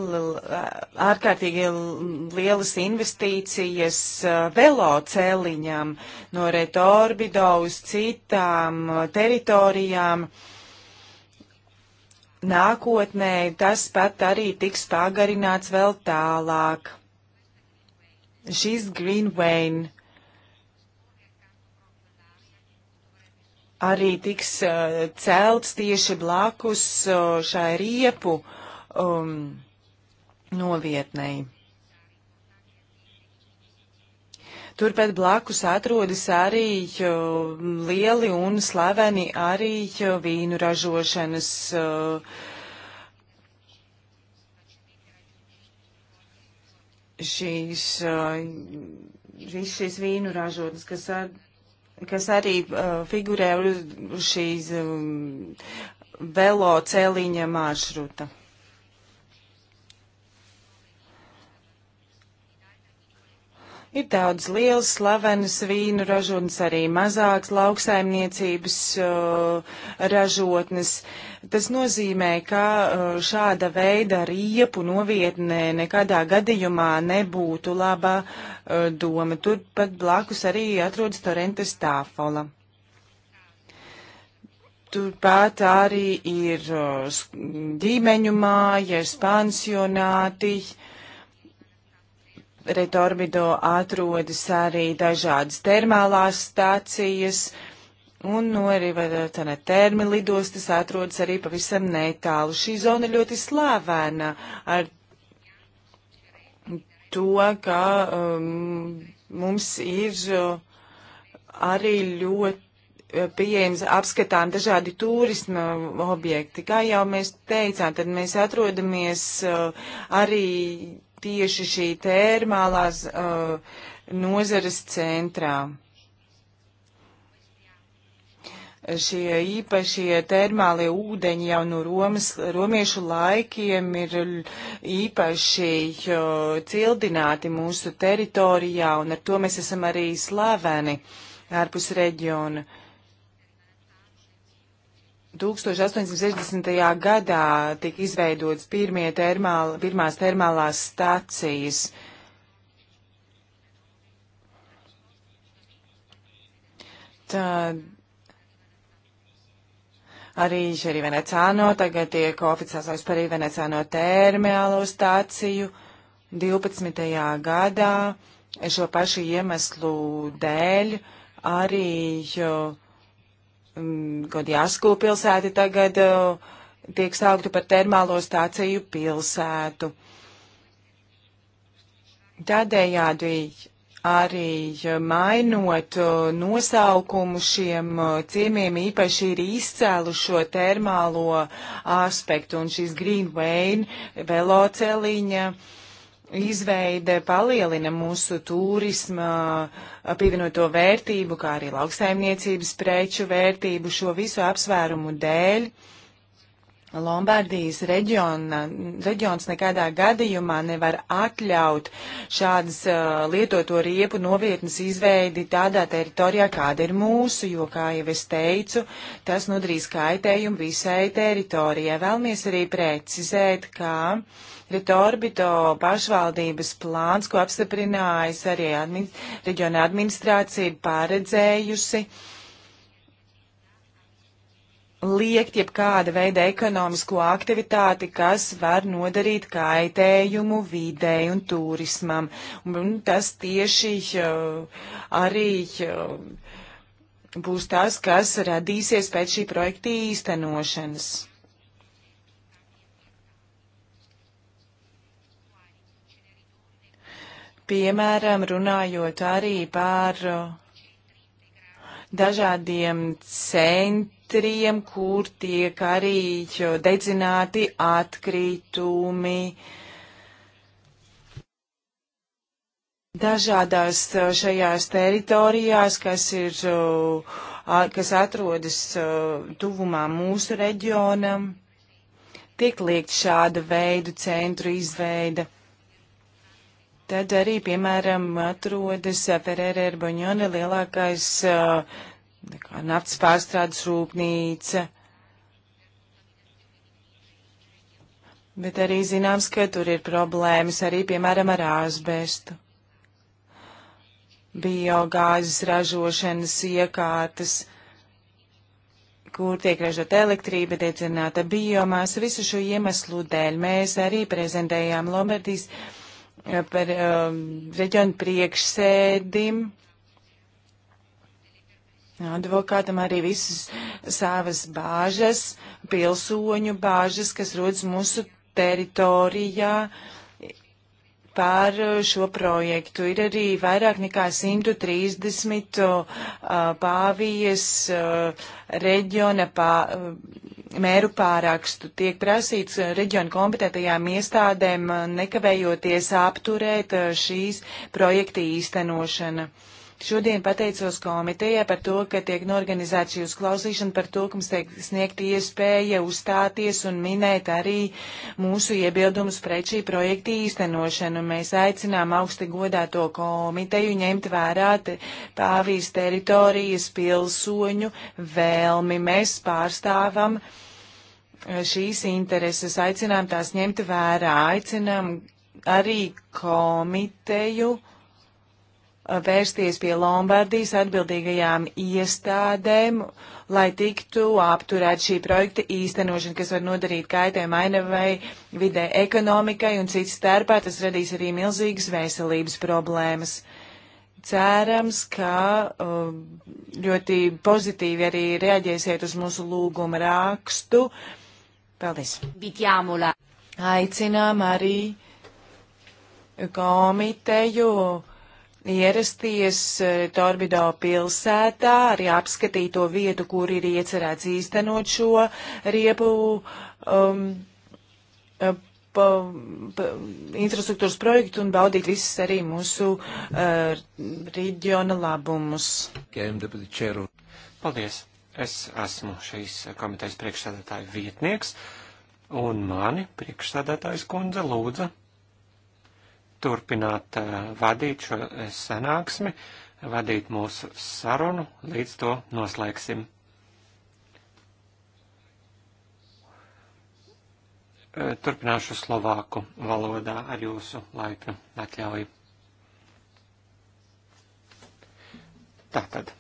ārkārtīgi lielas investīcijas veloceliņam no retorbido uz citām teritorijām. Nākotnē tas pat arī tiks pagarināts vēl tālāk. Šis Greenway arī tiks uh, celts tieši blakus uh, šai riepu um, novietnei. Turpēc blakus atrodas arī uh, lieli un slaveni arī uh, vīnu ražošanas uh, šīs, šīs, šīs vīnu ražotnes, kas ar, kas arī uh, figurē uz šīs um, velocēliņa maršruta. Ir daudz liels slavenas vīnu ražotnes, arī mazāks lauksaimniecības uh, ražotnes. Tas nozīmē, ka uh, šāda veida riepu novietnē nekādā gadījumā nebūtu laba uh, doma. Turpat blakus arī atrodas Torentes tāfola. Turpat arī ir ģimeņu mājas, pansionāti. Uh, Retorbido atrodas arī dažādas termālās stācijas, un no nu, arī Varatana termi lidostas atrodas arī pavisam netālu. Šī zona ļoti slāvēna ar to, ka um, mums ir uh, arī ļoti uh, pieejams apskatām dažādi turisma objekti. Kā jau mēs teicām, tad mēs atrodamies uh, arī tieši šī termālās uh, nozares centrā. Šie īpašie termālie ūdeņi jau no Romas, romiešu laikiem ir īpaši uh, cildināti mūsu teritorijā, un ar to mēs esam arī slaveni ārpus reģiona. Uh, 1860. gadā tika izveidotas termāla, pirmās termālās stacijas. Tad arī šī arī Venecāno tagad tiek oficiāls par arī Venecāno termālo stāciju 12. gadā. Šo pašu iemeslu dēļ arī. Jo, Godjāsku pilsēti tagad uh, tiek sauktu par termālo stāciju pilsētu. Tādējādi arī mainot uh, nosaukumu šiem uh, ciemiem īpaši ir izcēlu šo termālo aspektu un šis Green Wayne veloceliņa. Uh, izveide palielina mūsu turisma pievienoto vērtību, kā arī lauksaimniecības preču vērtību šo visu apsvērumu dēļ. Uh, Lombardijas reģiona, reģions nekādā gadījumā nevar atļaut šādas uh, lietoto riepu novietnes izveidi tādā teritorijā, kāda ir mūsu, jo, kā jau es teicu, tas nodarīs kaitējumu visai teritorijai. Vēlamies arī precizēt, ka Retorbito pašvaldības plāns, ko apstiprinājis arī admin, reģiona administrācija, ir paredzējusi uh, liekt jebkāda veida ekonomisko aktivitāti, kas var nodarīt kaitējumu videi un turismam. Un tas tieši eh, arī eh, būs tas, kas radīsies pēc šī projekta īstenošanas. Piemēram, runājot arī par uh, dažādiem centriem, kur tiek arī dedzināti atkritumi. Dažādās eh, šajās teritorijās, kas ir, eh, kas atrodas eh, tuvumā mūsu reģionam, tiek liekt šāda veidu centru izveida. Tad arī, piemēram, atrodas Ferēra Erboņone lielākais naftas pārstrādes rūpnīca. Bet arī zināms, ka tur ir problēmas arī, piemēram, ar āzbestu. Biogāzes ražošanas iekārtas kur tiek ražota elektrība, dedzināta biomasa, visu šo iemeslu dēļ mēs arī prezentējām Lombardijas uh, par um, reģionu priekšsēdim. Advokātam arī visas savas bāžas, pilsoņu bāžas, kas rodas mūsu teritorijā. Uh, par uh, šo projektu. Ir arī vairāk nekā 130 uh, pāvijas uh, reģiona pā, mēru pārakstu. Tiek prasīts reģiona kompetentajām iestādēm nekavējoties apturēt šīs projekta īstenošana. Šodien pateicos komitejai par to, ka tiek norganizēta šī uzklausīšana, par to, ka mums tiek sniegta iespēja uzstāties un minēt arī mūsu iebildumus pret šī projekta īstenošanu. Mēs aicinām augsti godāto komiteju ņemt vērā pāvīs teritorijas pilsoņu vēlmi. Mēs pārstāvam eh, šīs intereses, aicinām tās ņemt vērā, aicinām arī komiteju Uh, vērsties pie Lombardijas atbildīgajām iestādēm, lai tiktu apturēt šī projekta īstenošana, kas var nodarīt kaitējumu ainavai, vidē ekonomikai un cits starpā. Tas radīs arī milzīgas veselības problēmas. Cerams, ka uh, ļoti pozitīvi arī reaģēsiet uz mūsu lūgumu rakstu. Paldies! Aicinām arī komiteju ierasties eh, Torbido pilsētā, arī apskatīt to vietu, kur ir iecerēts īstenot šo riepu um, eh, pa, pa, infrastruktūras projektu un baudīt visus arī mūsu uh, reģiona labumus. Paldies! Es esmu šīs komitejas priekšsēdētāja vietnieks, un mani priekšsēdētājs kundze lūdza turpināt eh, vadīt šo eh, sanāksmi, vadīt mūsu sarunu, līdz to noslēgsim. Eh, turpināšu slovāku valodā ar jūsu laipnu atļauju. Tātad.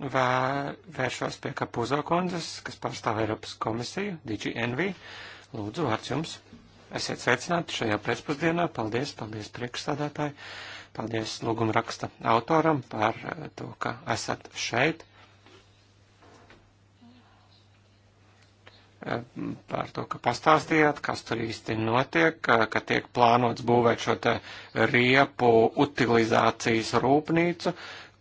Vē, vēršos pie Kapuzo kundzes, kas pārstāv Eiropas komisiju, DigiNV. Lūdzu, vārds jums. Esiet sveicināti šajā pēcpusdienā. Paldies, paldies priekšstādātāji. Paldies lūguma raksta autoram par eh, to, ka esat šeit. Eh, par to, ka pastāstījāt, kas tur īsti notiek, ka, ka tiek plānots būvēt šo te riepu utilizācijas rūpnīcu.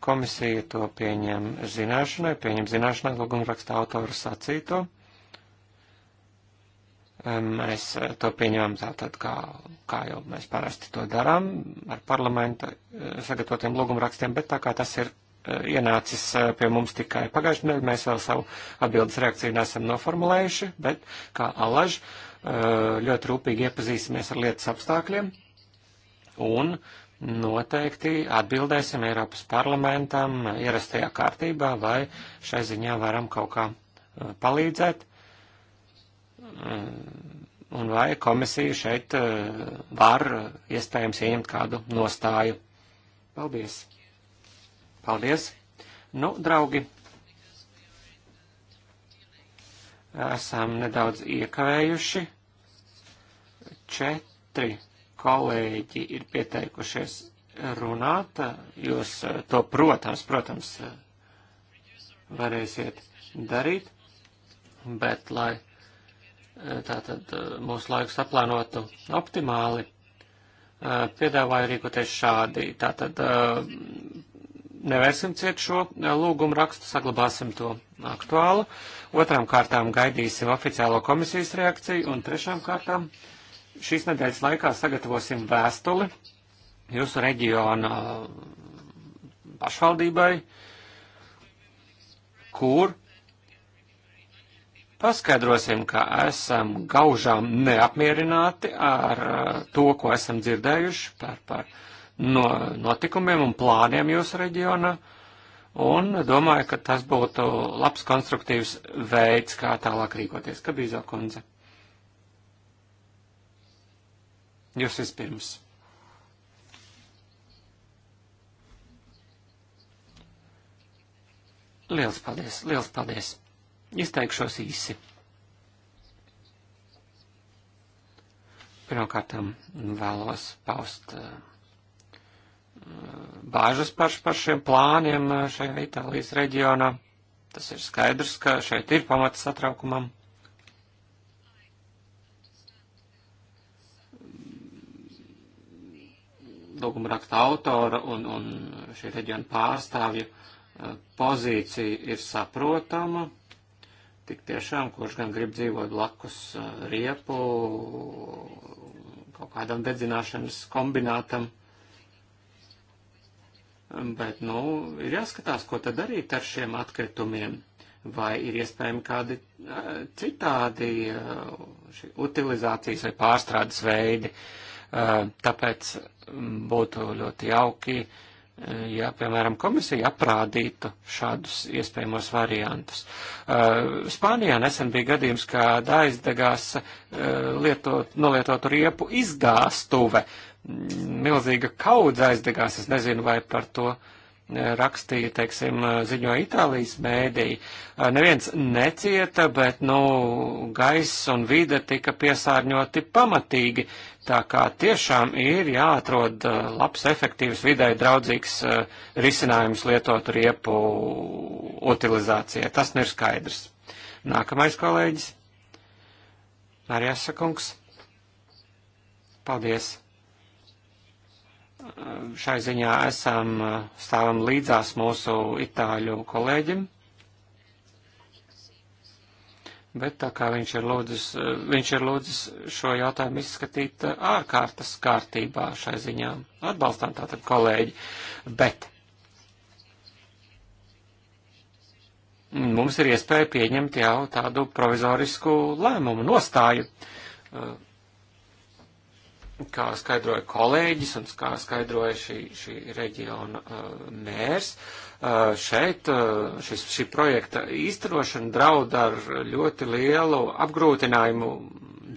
Komisija to pieņem zināšanai, pieņem zināšanai lūguma raksta autoru sacīto. Mēs eh, to pieņemam tātad, kā, kā jau mēs parasti to darām, ar parlamenta eh, sagatavotiem lūgumrakstiem, bet tā kā tas ir eh, ienācis pie mums tikai pagājušajā nedēļā. Mēs vēl savu atbildes reakciju nesam noformulējuši, bet kā alaž ļoti rūpīgi iepazīsimies ar lietas apstākļiem un noteikti atbildēsim Eiropas parlamentam ierastajā kārtībā, vai šai ziņā varam kaut kā palīdzēt un vai komisija šeit eh, var eh, iespējams ieņemt kādu nostāju. Paldies! Paldies! Nu, draugi, esam nedaudz iekavējuši. Četri kolēģi ir pieteikušies runāt. Jūs eh, to, protams, protams, varēsiet darīt, bet lai tātad eh, mūsu laikus aplānotu optimāli, eh, piedāvāju rīkoties šādi. Tātad eh, nevērsim ciet šo lūgumu rakstu, saglabāsim to aktuālu. Otrām kārtām gaidīsim oficiālo komisijas reakciju un trešām kārtām šīs nedēļas laikā sagatavosim vēstuli jūsu reģiona pašvaldībai, kur Paskaidrosim, ka esam gaužām neapmierināti ar uh, to, ko esam dzirdējuši par, par no, notikumiem un plāniem jūsu reģionā. Un domāju, ka tas būtu labs konstruktīvs veids, kā tālāk rīkoties. Kabīzo kundze. Jūs vispirms. Liels paldies, liels paldies. Izteikšos īsi. Pirmkārt, um, vēlos paust uh, bāžas par, par šiem plāniem uh, šajā Itālijas reģionā. Tas ir skaidrs, ka šeit ir pamats satraukumam. Lūguma raksta autora un, un šī reģiona pārstāvja uh, pozīcija ir saprotama. Tik tiešām, kurš gan grib dzīvot blakus uh, riepu, kaut kādam dedzināšanas kombinātam. Bet, nu, ir jāskatās, ko tad darīt ar šiem atkritumiem. Vai ir iespējami kādi uh, citādi uh, utilizācijas vai pārstrādes veidi. Tāpēc mm, būtu ļoti jauki uh, Eh, ja, piemēram, komisija aprādītu šādus iespējamos variantus. Eh, Spānijā nesen bija gadījums, kad aizdegās eh, lietot, nolietotu riepu izgāstuve. Mm, milzīga kaudze aizdegās, es nezinu, vai par to rakstīja, teiksim, ziņo Itālijas mēdī. Neviens necieta, bet, nu, gaiss un vide tika piesārņoti pamatīgi. Tā kā tiešām ir jāatrod eh, labs, efektīvs, vidēji draudzīgs eh, risinājums lietot riepu utilizācijai. Tas ir skaidrs. Nākamais kolēģis. Arī Asakungs. Paldies. Eh, šai ziņā esam stāvam līdzās mūsu itāļu kolēģim bet tā kā viņš ir lūdzis, viņš ir lūdzis šo jautājumu izskatīt eh, ārkārtas kārtībā šai ziņā. Atbalstām tātad kolēģi, bet mums ir iespēja pieņemt jau tādu provizorisku lēmumu nostāju. Uh, kā skaidroja kolēģis un kā skaidroja šī, šī reģiona uh, mērs, uh, šeit uh, šis, šī projekta īstenošana draud ar ļoti lielu apgrūtinājumu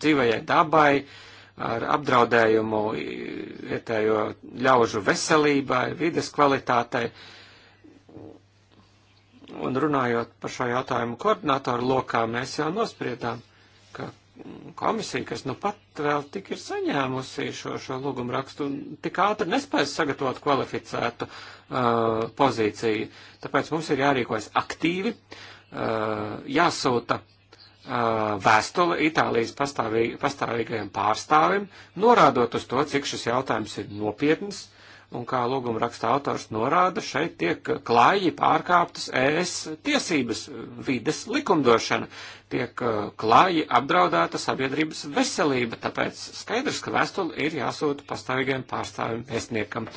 dzīvajai dabai, ar apdraudējumu vietējo ļaužu veselībai, vides kvalitātei. Un runājot par šo jautājumu koordinātoru lokā, mēs jau nospriedām, komisija, kas nu pat vēl tik ir saņēmusi šo, šo lūgumu rakstu, tik ātri nespēja sagatavot kvalificētu uh, pozīciju. Tāpēc mums ir jārīkojas aktīvi, uh, jāsūta vēstuli Itālijas pastāvī, pastāvīgajam pārstāvim, norādot uz to, cik šis jautājums ir nopietns, un kā lūguma raksta autors norāda, šeit tiek klāji pārkāptas ES tiesības, vides likumdošana, tiek klāji apdraudēta sabiedrības veselība, tāpēc skaidrs, ka vēstuli ir jāsūta pastāvīgajam pārstāvim pēstniekam.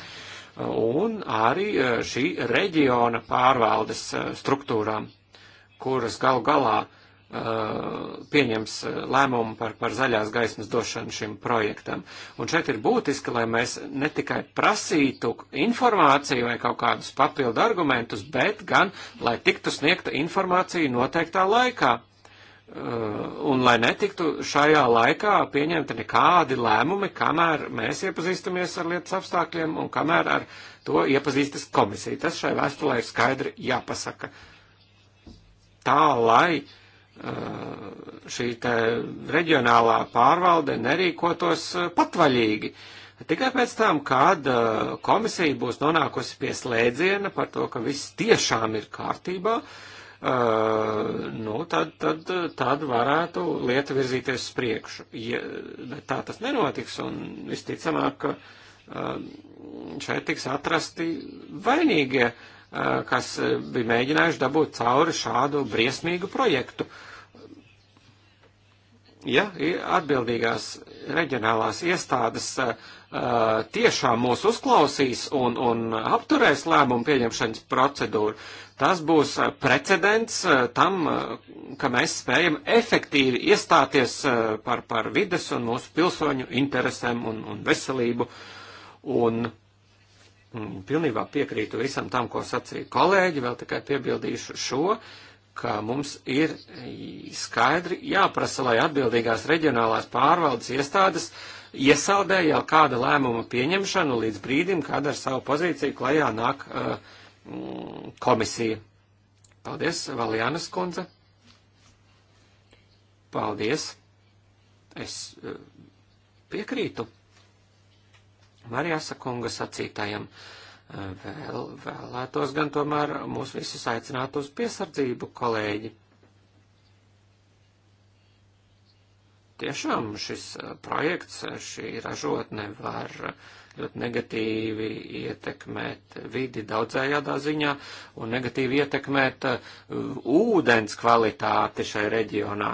Un arī šī reģiona pārvaldes struktūrām, kuras gal galā uh, Uh, pieņems uh, lēmumu par, par zaļās gaismas došanu šim projektam. Un šeit ir būtiski, lai mēs ne tikai prasītu informāciju vai kaut kādus papildu argumentus, bet gan, lai tiktu sniegta informācija noteiktā laikā. Uh, un lai netiktu šajā laikā pieņemti nekādi lēmumi, kamēr mēs iepazīstamies ar lietas apstākļiem un kamēr ar to iepazīstas komisija. Tas šai vēstulē ir skaidri jāpasaka. Tā, lai uh, šī reģionālā pārvalde nerīkotos patvaļīgi. Tikai pēc tam, kad komisija būs nonākusi pie slēdziena par to, ka viss tiešām ir kārtībā, nu, tad, tad, tad varētu lieta virzīties uz priekšu. Ja, bet tā tas nenotiks, un visticamāk, ka šeit tiks atrasti vainīgie. Ja kas bija mēģinājuši dabūt cauri šādu briesmīgu projektu. Ja atbildīgās reģionālās iestādes tiešām mūs uzklausīs un, un apturēs lēmumu pieņemšanas procedūru, tas būs precedents tam, ka mēs spējam efektīvi iestāties par, par vides un mūsu pilsoņu interesēm un, un veselību. Un, uh, Mm, pilnībā piekrītu visam tam, ko sacīja kolēģi, vēl tikai piebildīšu šo, ka mums ir skaidri jāprasa, lai atbildīgās reģionālās pārvaldes iestādes iesaldē jau kāda lēmuma pieņemšanu līdz brīdim, kad ar savu pozīciju klajā nāk uh, mm, komisija. Paldies, Valjānas kundze. Paldies. Es uh, piekrītu Marijāsa kunga sacītajam e, vēl, vēlētos gan tomēr mūs visus aicināt uz piesardzību, kolēģi. Tiešām šis e, projekts, e, šī ražotne var ļoti negatīvi ietekmēt vidi daudzējādā ziņā un negatīvi ietekmēt ūdens kvalitāti šai reģionā.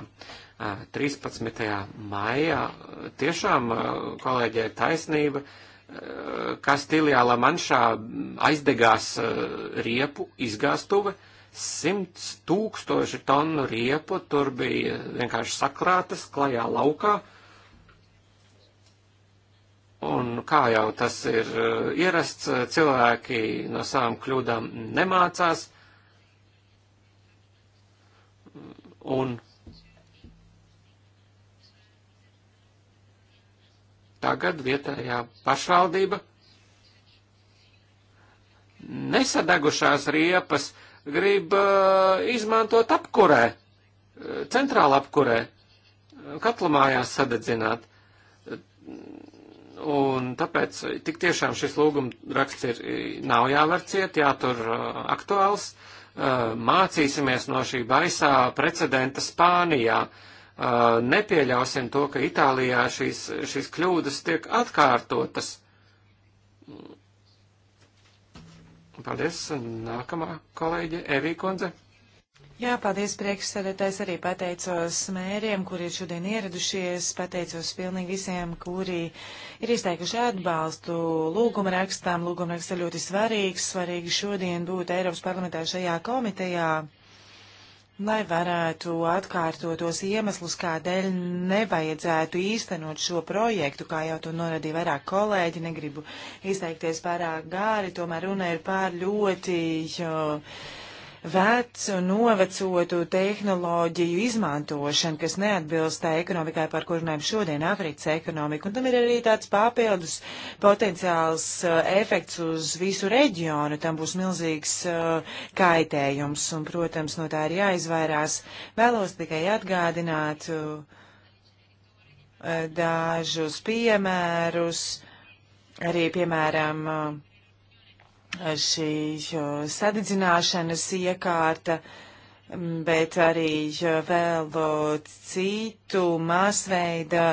13. maijā tiešām kolēģē taisnība Kastiljā Lamanšā aizdegās e, riepu izgāstuve, simts tūkstoši tonu riepu, tur bija vienkārši sakrātas klajā laukā. Un kā jau tas ir e, ierasts, e, cilvēki no savām kļūdām nemācās. Un tagad vietējā pašvaldība nesadegušās riepas grib uh, izmantot apkurē, eh, centrāla apkurē, eh, katlamājās sadedzināt. Un tāpēc tik tiešām šis lūguma raksts ir, nav jāvar ciet, jātur uh, aktuāls. Uh, mācīsimies no šī baisā precedenta Spānijā. Uh, nepieļausim to, ka Itālijā šīs, šīs kļūdas tiek atkārtotas. Paldies, nākamā kolēģe Evī Kundze. Jā, paldies priekšsēdētājs. Arī pateicos mēriem, kuri ir šodien ieradušies. Pateicos pilnīgi visiem, kuri ir izteikuši atbalstu lūguma rakstām. Lūguma raksts ir ļoti svarīgs. Svarīgi šodien būt Eiropas parlamentā šajā komitejā lai varētu atkārtot tos iemeslus, kādēļ nevajadzētu īstenot šo projektu, kā jau to norādīja vairāk kolēģi, negribu izteikties pārāk gāri, tomēr runa ir pār ļoti. Uh, vecu, novecotu tehnoloģiju izmantošanu, kas neatbilst tā ekonomikai, par kur runājam šodien, Afrikas ekonomika. Un tam ir arī tāds papildus potenciāls uh, efekts uz visu reģionu. Tam būs milzīgs uh, kaitējums, un, protams, no tā ir jāizvairās. Vēlos tikai atgādināt uh, dažus piemērus, arī, piemēram, uh, šī sadedzināšanas iekārta, bet arī vēl citu masveida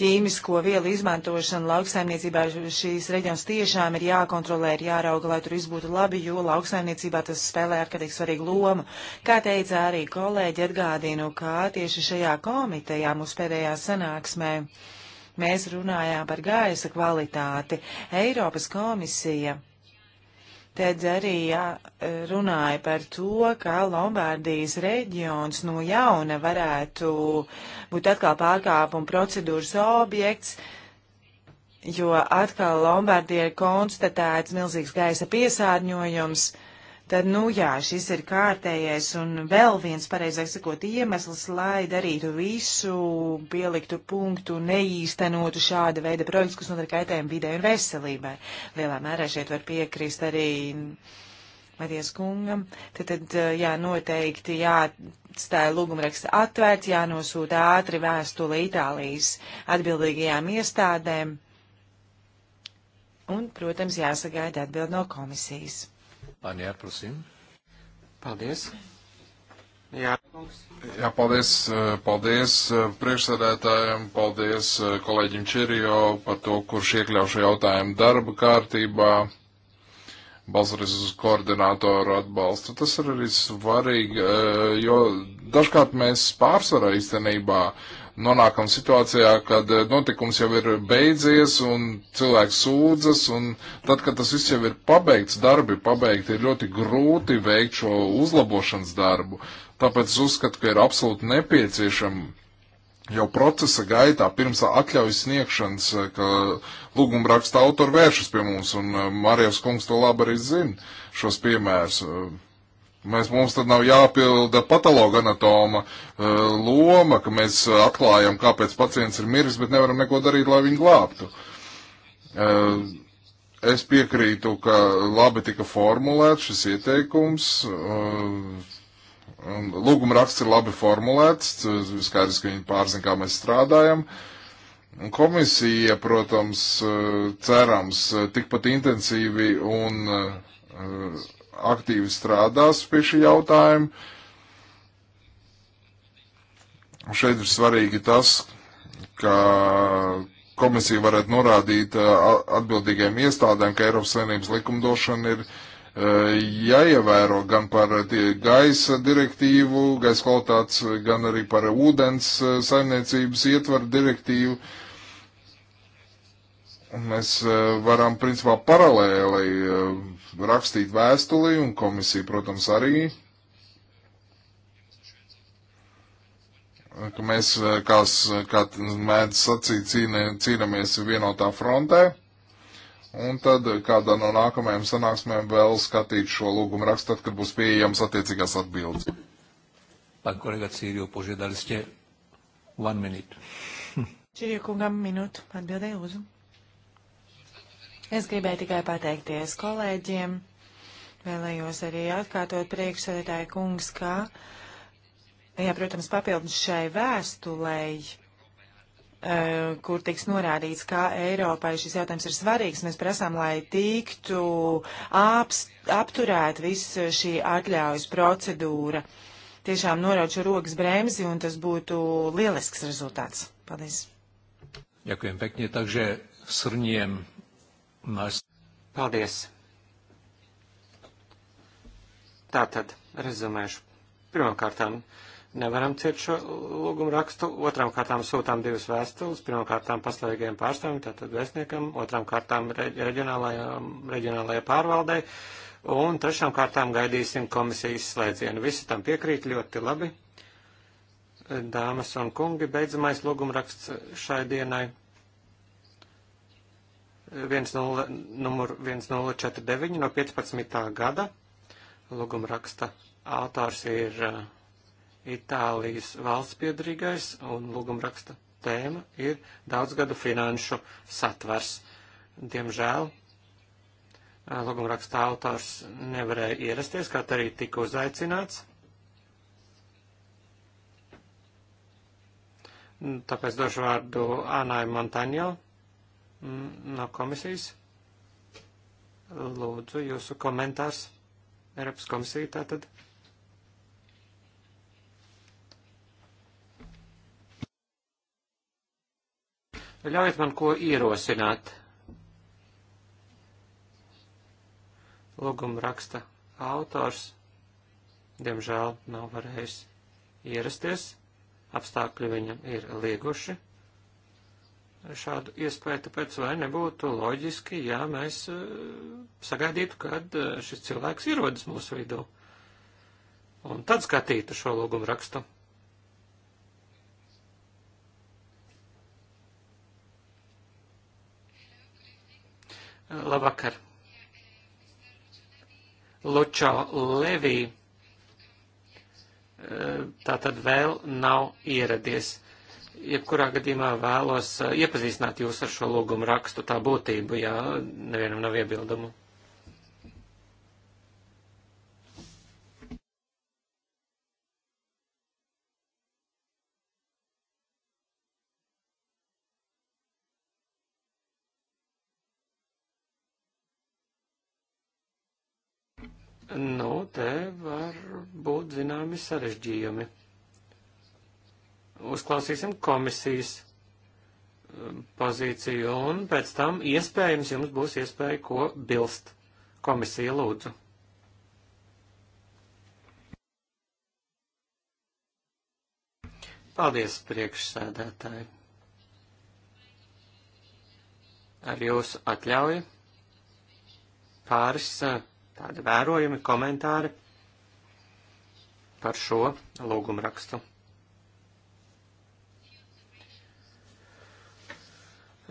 ķīmisko vielu izmantošanu lauksaimniecībā. Šīs reģions tiešām ir jākontrolē, ir jārauga, lai tur viss būtu labi, jo lauksaimniecībā tas spēlē ārkārtīgi svarīgu lomu. Kā teica arī kolēģi, atgādinu, kā tieši šajā komitejā mūsu pēdējā sanāksmē mēs runājām par gaisa kvalitāti. Eiropas komisija Tedz arī jā, runāja par to, ka Lombardijas reģions no jauna varētu būt atkal pārkāpuma procedūras objekts, jo atkal Lombardija ir konstatēts milzīgs gaisa piesārņojums. Uh, tad, nu jā, šis ir kārtējais un vēl viens, pareizāk sakot, iemesls, lai darītu visu, pieliktu punktu, neīstenotu šāda veida projekts, kas nodara kaitējumu vidē un veselībai. Lielā mērā šeit var piekrist arī. Marijas kungam, tad, tad jā, noteikti jāatstāja lūgumraksta atvērts, jānosūta ātri vēstuli Itālijas atbildīgajām iestādēm un, protams, jāsagaida atbild no komisijas. Pan Jār, prosim. Paldies. Jā. Jā, paldies, eh, paldies eh, priekšsēdētājiem, paldies eh, kolēģim Čirijo par to, kurš iekļauj šo jautājumu darba kārtībā, balsoties uz koordinātoru atbalstu. Tas ir arī svarīgi, jo dažkārt mēs pārsvarā īstenībā uh, nonākam situācijā, kad eh, notikums jau ir beidzies un cilvēks sūdzas, un tad, kad tas viss jau ir pabeigts, darbi pabeigti, ir ļoti grūti veikt šo uzlabošanas darbu. Tāpēc es uzskatu, ka ir absolūti nepieciešama jau procesa gaitā, pirms atļaujas sniegšanas, eh, ka lūguma raksta autori vēršas pie mums, un eh, Marijas kungs to labi arī zina šos piemērus. Mēs mums tad nav jāpilda patologa anatoma eh, loma, ka mēs atklājam, kāpēc pacients ir miris, bet nevaram neko darīt, lai viņu glābtu. Eh, es piekrītu, ka labi tika formulēts šis ieteikums. Eh, Lūguma raksts ir labi formulēts, skaidrs, ka viņi pārzina, kā mēs strādājam. Komisija, protams, cerams, tikpat intensīvi un aktīvi strādās pie šī jautājuma. Šeit ir svarīgi tas, ka komisija varētu norādīt uh, atbildīgajiem iestādēm, ka Eiropas Savienības likumdošana ir uh, jāievēro gan par uh, gaisa direktīvu, gaisa kvalitātes, gan arī par ūdens saimniecības ietvaru direktīvu. Uh, mēs eh, varam principā paralēli eh, rakstīt vēstuli un komisija, protams, arī. Ka mēs, eh, kā, kā mēdz sacīt, cīnē, cīnāmies vienotā frontē. Un tad kādā no nākamajām sanāksmēm vēl skatīt šo lūgumu rakstu, tad, kad būs pieejams attiecīgās atbildes. Pan kolega Cīriju, požiedali ste one minute. Čirija kungam minūtu atbildēju lūdzu. Es gribēju tikai pateikties kolēģiem. Vēlējos arī atkārtot priekšsēdētāju kungs, ka, jā, protams, papildus šai vēstulēji eh, kur tiks norādīts, kā Eiropai šis jautājums ir svarīgs. Mēs prasām, lai tiktu apst, apturēt viss šī atļaujas procedūra. Tiešām norauču rokas bremzi, un tas būtu lielisks rezultāts. Paldies. Ďakujem pekne, takže srniem Mēs. Paldies. Tātad, rezumēšu. Pirmkārtām, nevaram ciet šo lūgumu rakstu, otram kārtām sūtām divas vēstules, pirmkārtām pastāvīgajiem pārstāvjiem, tātad vēstniekam, otram kārtām reģionālajā, reģionālajā pārvaldē, un trešām kārtām gaidīsim komisijas slēdzienu. Visi tam piekrīt ļoti labi. Dāmas un kungi, beidzamais lūgumu raksts šai dienai. 10, numur 1049 no 15. gada. Lūguma raksta autors ir eh, Itālijas valsts piedrīgais un lūguma raksta tēma ir daudzgadu finanšu satvers. Diemžēl eh, lūguma raksta autors nevarēja ierasties, kaut arī tika uzaicināts. Tāpēc došu vārdu Anai Montaņo Mm, no komisijas. Lūdzu, jūsu komentārs. Eiropas komisija tātad. Ļaujiet man ko ierosināt. Lūguma raksta autors, diemžēl nav varējis ierasties, apstākļi viņam ir lieguši šādu iespēju, tāpēc vai nebūtu loģiski, ja mēs eh, sagaidītu, kad eh, šis cilvēks ierodas mūsu vidū. Un tad skatītu šo lūgumu rakstu. Eh, labvakar. Lučo Levī tātad vēl nav ieradies jebkurā gadījumā vēlos uh, iepazīstināt jūs ar šo lūgumu rakstu tā būtību, ja nevienam nav iebildumu. Nu, te var būt zināmi sarežģījumi uzklausīsim komisijas um, pozīciju un pēc tam iespējams jums būs iespēja ko bilst. Komisija lūdzu. Paldies, priekšsēdētāji. Ar jūsu atļauju pāris uh, tādi vērojumi komentāri par šo lūgumrakstu. rakstu.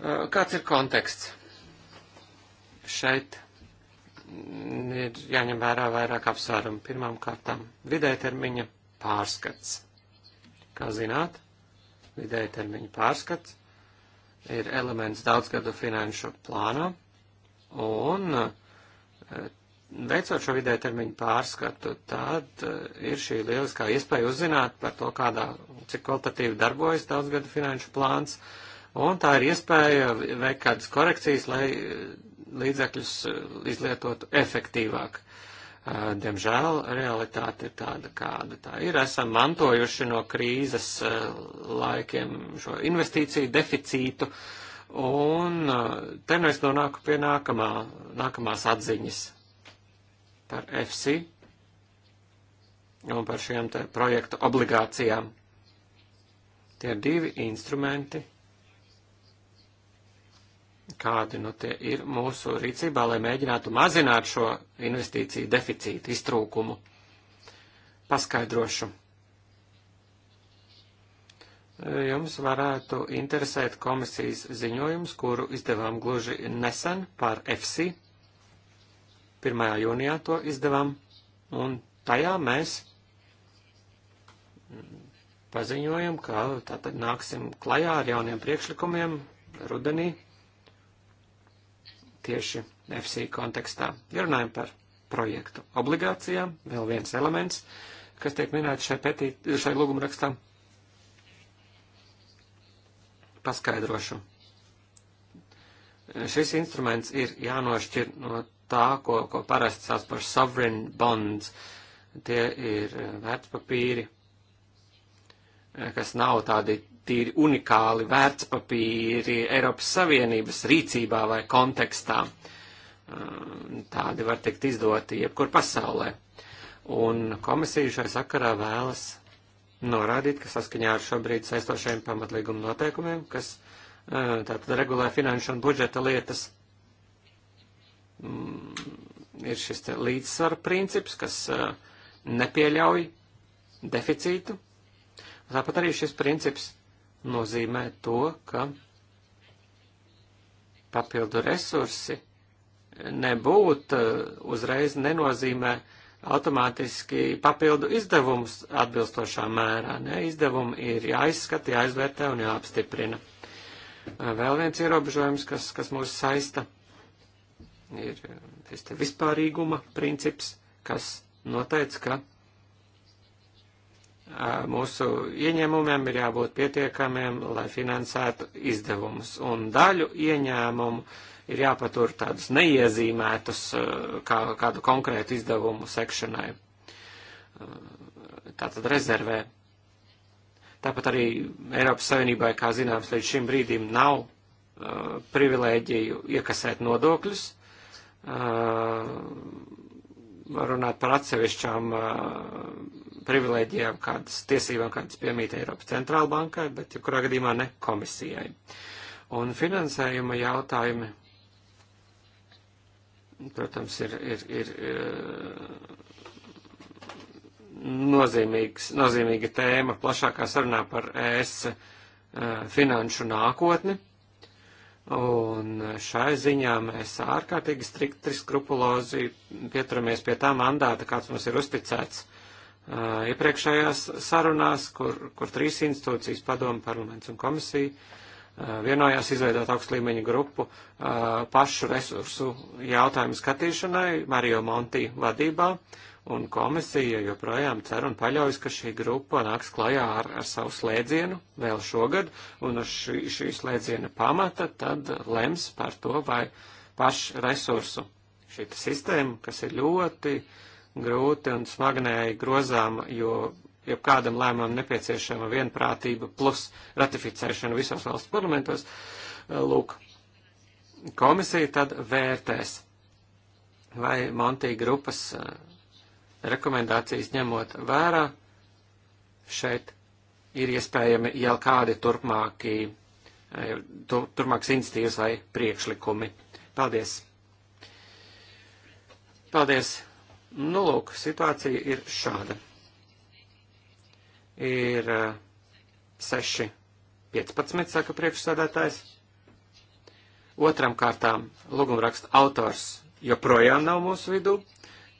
Eh, kāds ir konteksts? Šeit ir jāņem vērā vairāk apsvērumu. Pirmām kārtām vidētermiņa pārskats. Kā zināt, vidētermiņa pārskats ir elements daudzgadu finanšu plānā, un eh, veicot šo vidētermiņu pārskatu, tad eh, ir šī lieliskā iespēja uzzināt par to, kādā, cik kvalitatīvi darbojas daudzgadu finanšu plāns, uh, un tā ir iespēja veikt kādas korekcijas, lai eh, līdzekļus eh, izlietotu efektīvāk. Eh, diemžēl realitāte ir tāda, kāda tā ir. Esam mantojuši no krīzes laikiem šo investīciju deficītu, un te nu es nonāku pie nākamā, nākamās atziņas par FC un par šiem te projektu obligācijām. Tie ir divi instrumenti, kādi nu tie ir mūsu rīcībā, lai mēģinātu mazināt šo investīciju deficītu, iztrūkumu. Paskaidrošu. Jums varētu interesēt komisijas ziņojums, kuru izdevām gluži nesen par FC. 1. jūnijā to izdevām, un tajā mēs paziņojam, ka tātad nāksim klajā ar jauniem priekšlikumiem rudenī tieši FC kontekstā. Ja runājam par projektu obligācijām, vēl viens elements, kas tiek minēts šai, petī, šai lūgumrakstā. Paskaidrošu. Šis instruments ir jānošķir no tā, ko, ko parasti sauc par sovereign bonds. Tie ir eh, vērtspapīri, eh, kas nav tādi tīri unikāli vērtspapīri Eiropas Savienības rīcībā vai kontekstā. Uh, tādi var tikt izdoti jebkur pasaulē. Un komisija šai sakarā vēlas norādīt, ka saskaņā ar šobrīd saistošajiem pamatlīguma noteikumiem, kas uh, tātad regulē finanšu un budžeta lietas, mm, ir šis līdzsvara princips, kas uh, nepieļauj deficītu. Tāpat arī šis princips nozīmē to, ka papildu resursi nebūt eh, uzreiz nenozīmē automātiski papildu izdevumus atbilstošā mērā. Ne? Izdevumi ir jāizskata, jāizvērtē un jāapstiprina. Eh, vēl viens ierobežojums, kas, kas mūs saista, ir eh, vispārīguma princips, kas noteica, ka mūsu ieņēmumiem ir jābūt pietiekamiem, lai finansētu izdevumus. Un daļu ieņēmumu ir jāpatur tādus neiezīmētus kā, kādu konkrētu izdevumu sekšanai. Tātad rezervē. Tāpat arī Eiropas Savienībai, kā zināms, līdz šim brīdim nav uh, privilēģiju iekasēt nodokļus. Uh, runāt par atsevišķām uh, privilēģijām, kādas tiesībām, kādas piemīt Eiropas centrālbankai, bet jebkurā gadījumā ne komisijai. Un finansējuma jautājumi, protams, ir, ir, ir, ir eh, nozīmīgs, nozīmīga tēma plašākā sarunā par ES eh, finanšu nākotni. Un šai ziņā mēs ārkārtīgi strikti skrupulozi pieturamies pie tā mandāta, kāds mums ir uzticēts iepriekšējās sarunās, kur, kur trīs institūcijas padomu parlaments un komisija vienojās izveidot augstu līmeņu grupu pašu resursu jautājumu skatīšanai Mario Monti vadībā, un komisija joprojām cer un paļaujas, ka šī grupa nāks klajā ar, ar savu slēdzienu vēl šogad, un uz šī, šī slēdziena pamata tad lems par to, vai pašu resursu šī sistēma, kas ir ļoti uh, grūti un smagnēji grozāma, jo jau kādam lēmumam nepieciešama vienprātība plus ratificēšana visos valsts parlamentos. Eh, lūk, komisija tad vērtēs, vai Montī grupas eh, rekomendācijas ņemot vērā, šeit ir iespējami jau kādi turpmāki, eh, turpmākas institīvas vai priekšlikumi. Paldies! Paldies! Nu, lūk, situācija ir šāda. Ir 6, eh, 15, saka priekšsādātājs. Otram kārtām lūgumraksta autors joprojām nav mūsu vidū.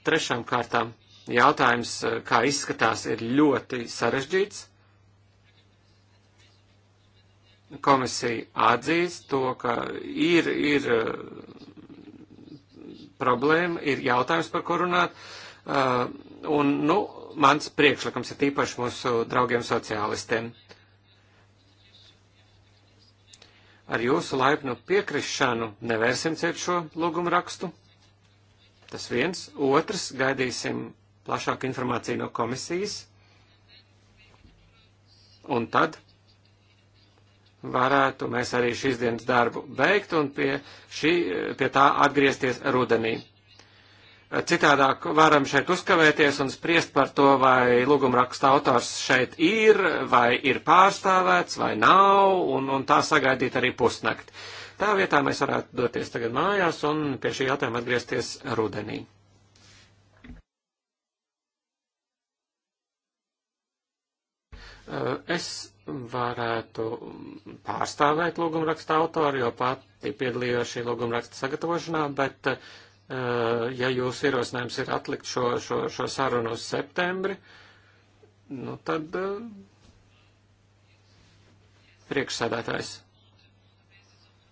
Trešām kārtām jautājums, eh, kā izskatās, ir ļoti sarežģīts. Komisija atzīst to, ka ir, ir eh, problēma, ir jautājums, par ko runāt. Uh, un, nu, mans priekšlikums ir tīpaši mūsu draugiem sociālistiem. Ar jūsu laipnu piekrišanu nevērsim ciet šo lūgumu rakstu. Tas viens. Otrs, gaidīsim plašāku informāciju no komisijas. Un tad varētu mēs arī šīs dienas darbu beigt un pie, šī, pie tā atgriezties rudenī. Citādāk varam šeit uzkavēties un spriest par to, vai lūgumraksta autors šeit ir, vai ir pārstāvēts, vai nav, un, un tā sagaidīt arī pusnakti. Tā vietā mēs varētu doties tagad mājās un pie šī jautājuma atgriezties rudenī. Es varētu pārstāvēt lūgumraksta autori, jo pati piedalījos šī lūgumraksta sagatavošanā, bet, eh, ja jūs ierosinājums ir atlikt šo, šo, šo sarunu uz septembri, nu tad eh, priekšsēdētājs.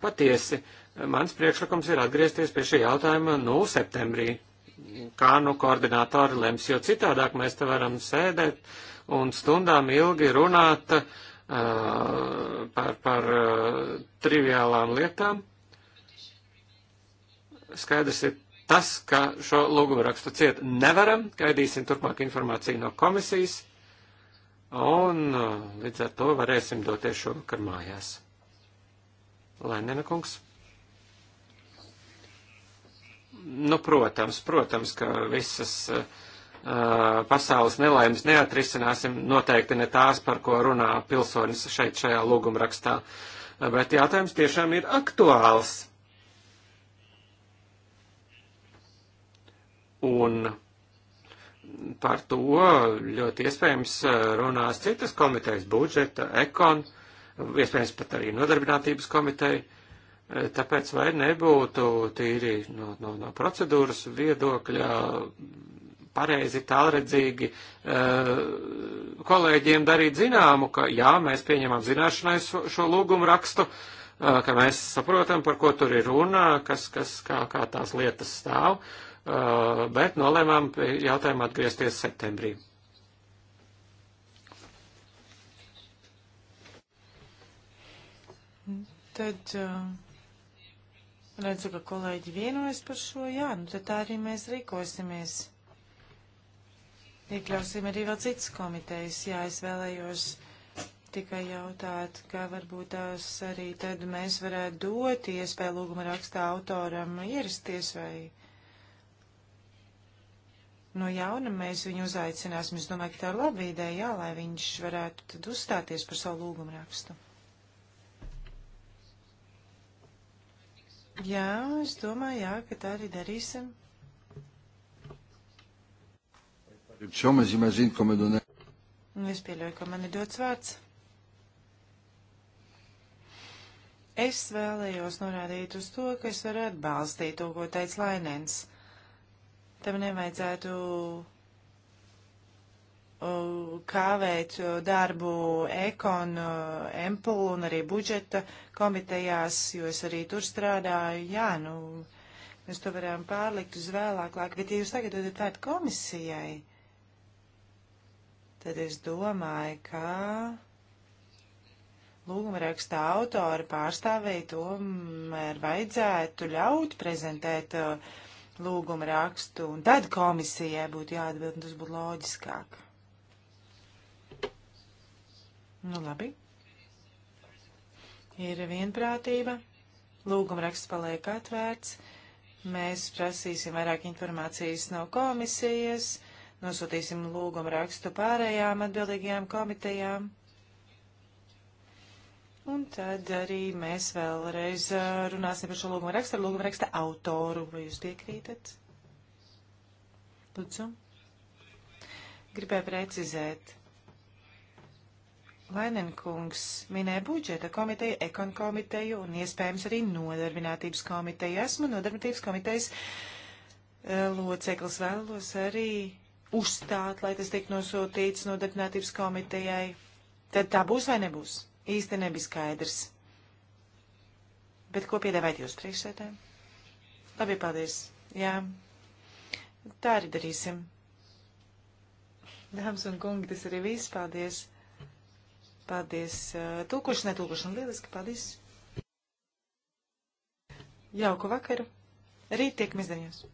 Patiesi, mans priekšlikums ir atgriezties pie šī jautājuma 0 nu, septembrī, kā nu koordinātori lems, jo citādāk mēs te varam sēdēt un stundām ilgi runāt, uh, par, par triviālām lietām. Skaidrs ir tas, ka šo lūgumrakstu ciet nevaram, gaidīsim turpmāk informāciju no komisijas, un līdz ar to varēsim doties šovakar mājās. Lainēna kungs. Nu, protams, protams, ka visas uh, Eh, pasaules nelaimes neatrisināsim, noteikti ne tās, par ko runā pilsonis šeit šajā lūgumrakstā. Eh, bet jautājums tiešām ir aktuāls. Un par to ļoti iespējams eh, runās citas komitejas budžeta, ekon, iespējams pat arī nodarbinātības komiteja. Tāpēc vai nebūtu tīri no, no, no procedūras viedokļa pareizi tālredzīgi eh, kolēģiem darīt zināmu, ka jā, mēs pieņemam zināšanai šo, šo lūgumu rakstu, eh, ka mēs saprotam, par ko tur ir runa, kas, kas, kā, kā tās lietas stāv, eh, bet nolēmām jautājumu atgriezties septembrī. Tad redzu, ka kolēģi vienojas par šo, jā, nu tad tā arī mēs rīkosimies iekļausim arī vēl citas komitejas. Jā, es vēlējos tikai jautāt, kā varbūt tās arī tad mēs varētu dot iespēju lūguma rakstā autoram ierasties vai no jauna mēs viņu uzaicināsim. Es domāju, ka tā ir laba ideja, jā, lai viņš varētu tad uzstāties par savu lūgumu rakstu. Jā, es domāju, jā, ka tā arī darīsim. Es pieļauju, ka man ir dots vārds. Es vēlējos norādīt uz to, ka es varu atbalstīt to, ko teica Lainens. Tam nevajadzētu kāvēt darbu ekon, empul un arī budžeta komitejās, jo es arī tur strādāju. Jā, nu, mēs to varam pārlikt uz vēlāk, lāk, bet ja jūs tagad dodat vērtu komisijai, tad es domāju, ka lūguma raksta autori pārstāvēji tomēr vajadzētu ļaut prezentēt uh, lūguma rakstu, un tad komisijai būtu jāatbild, un tas būtu loģiskāk. Nu, labi. Ir vienprātība. Lūguma raksts paliek atvērts. Mēs prasīsim vairāk informācijas no komisijas Nosūtīsim lūgumu rakstu pārējām atbildīgajām komitejām. Un tad arī mēs vēlreiz runāsim par šo lūgumu rakstu ar lūgumu raksta autoru. Vai jūs piekrītat? Lūdzu. Gribēju precizēt. Lainenkungs minēja budžeta komiteju, ekon komiteju un iespējams arī nodarbinātības komiteju. Esmu nodarbinātības komitejas loceklis. Vēlos arī uzstāt, lai tas tiek nosūtīts nodarbinātības komitejai. Tad tā būs vai nebūs? Īsti nebija skaidrs. Bet ko piedāvājat jūs priekšsēdēm? Labi, paldies. Jā, tā arī darīsim. Dāmas un kungi, tas arī viss. Paldies. Paldies. Uh, tulkošanai, tulkošanai lieliski. Paldies. Jauku vakaru. Rīt tiekamies deviņos.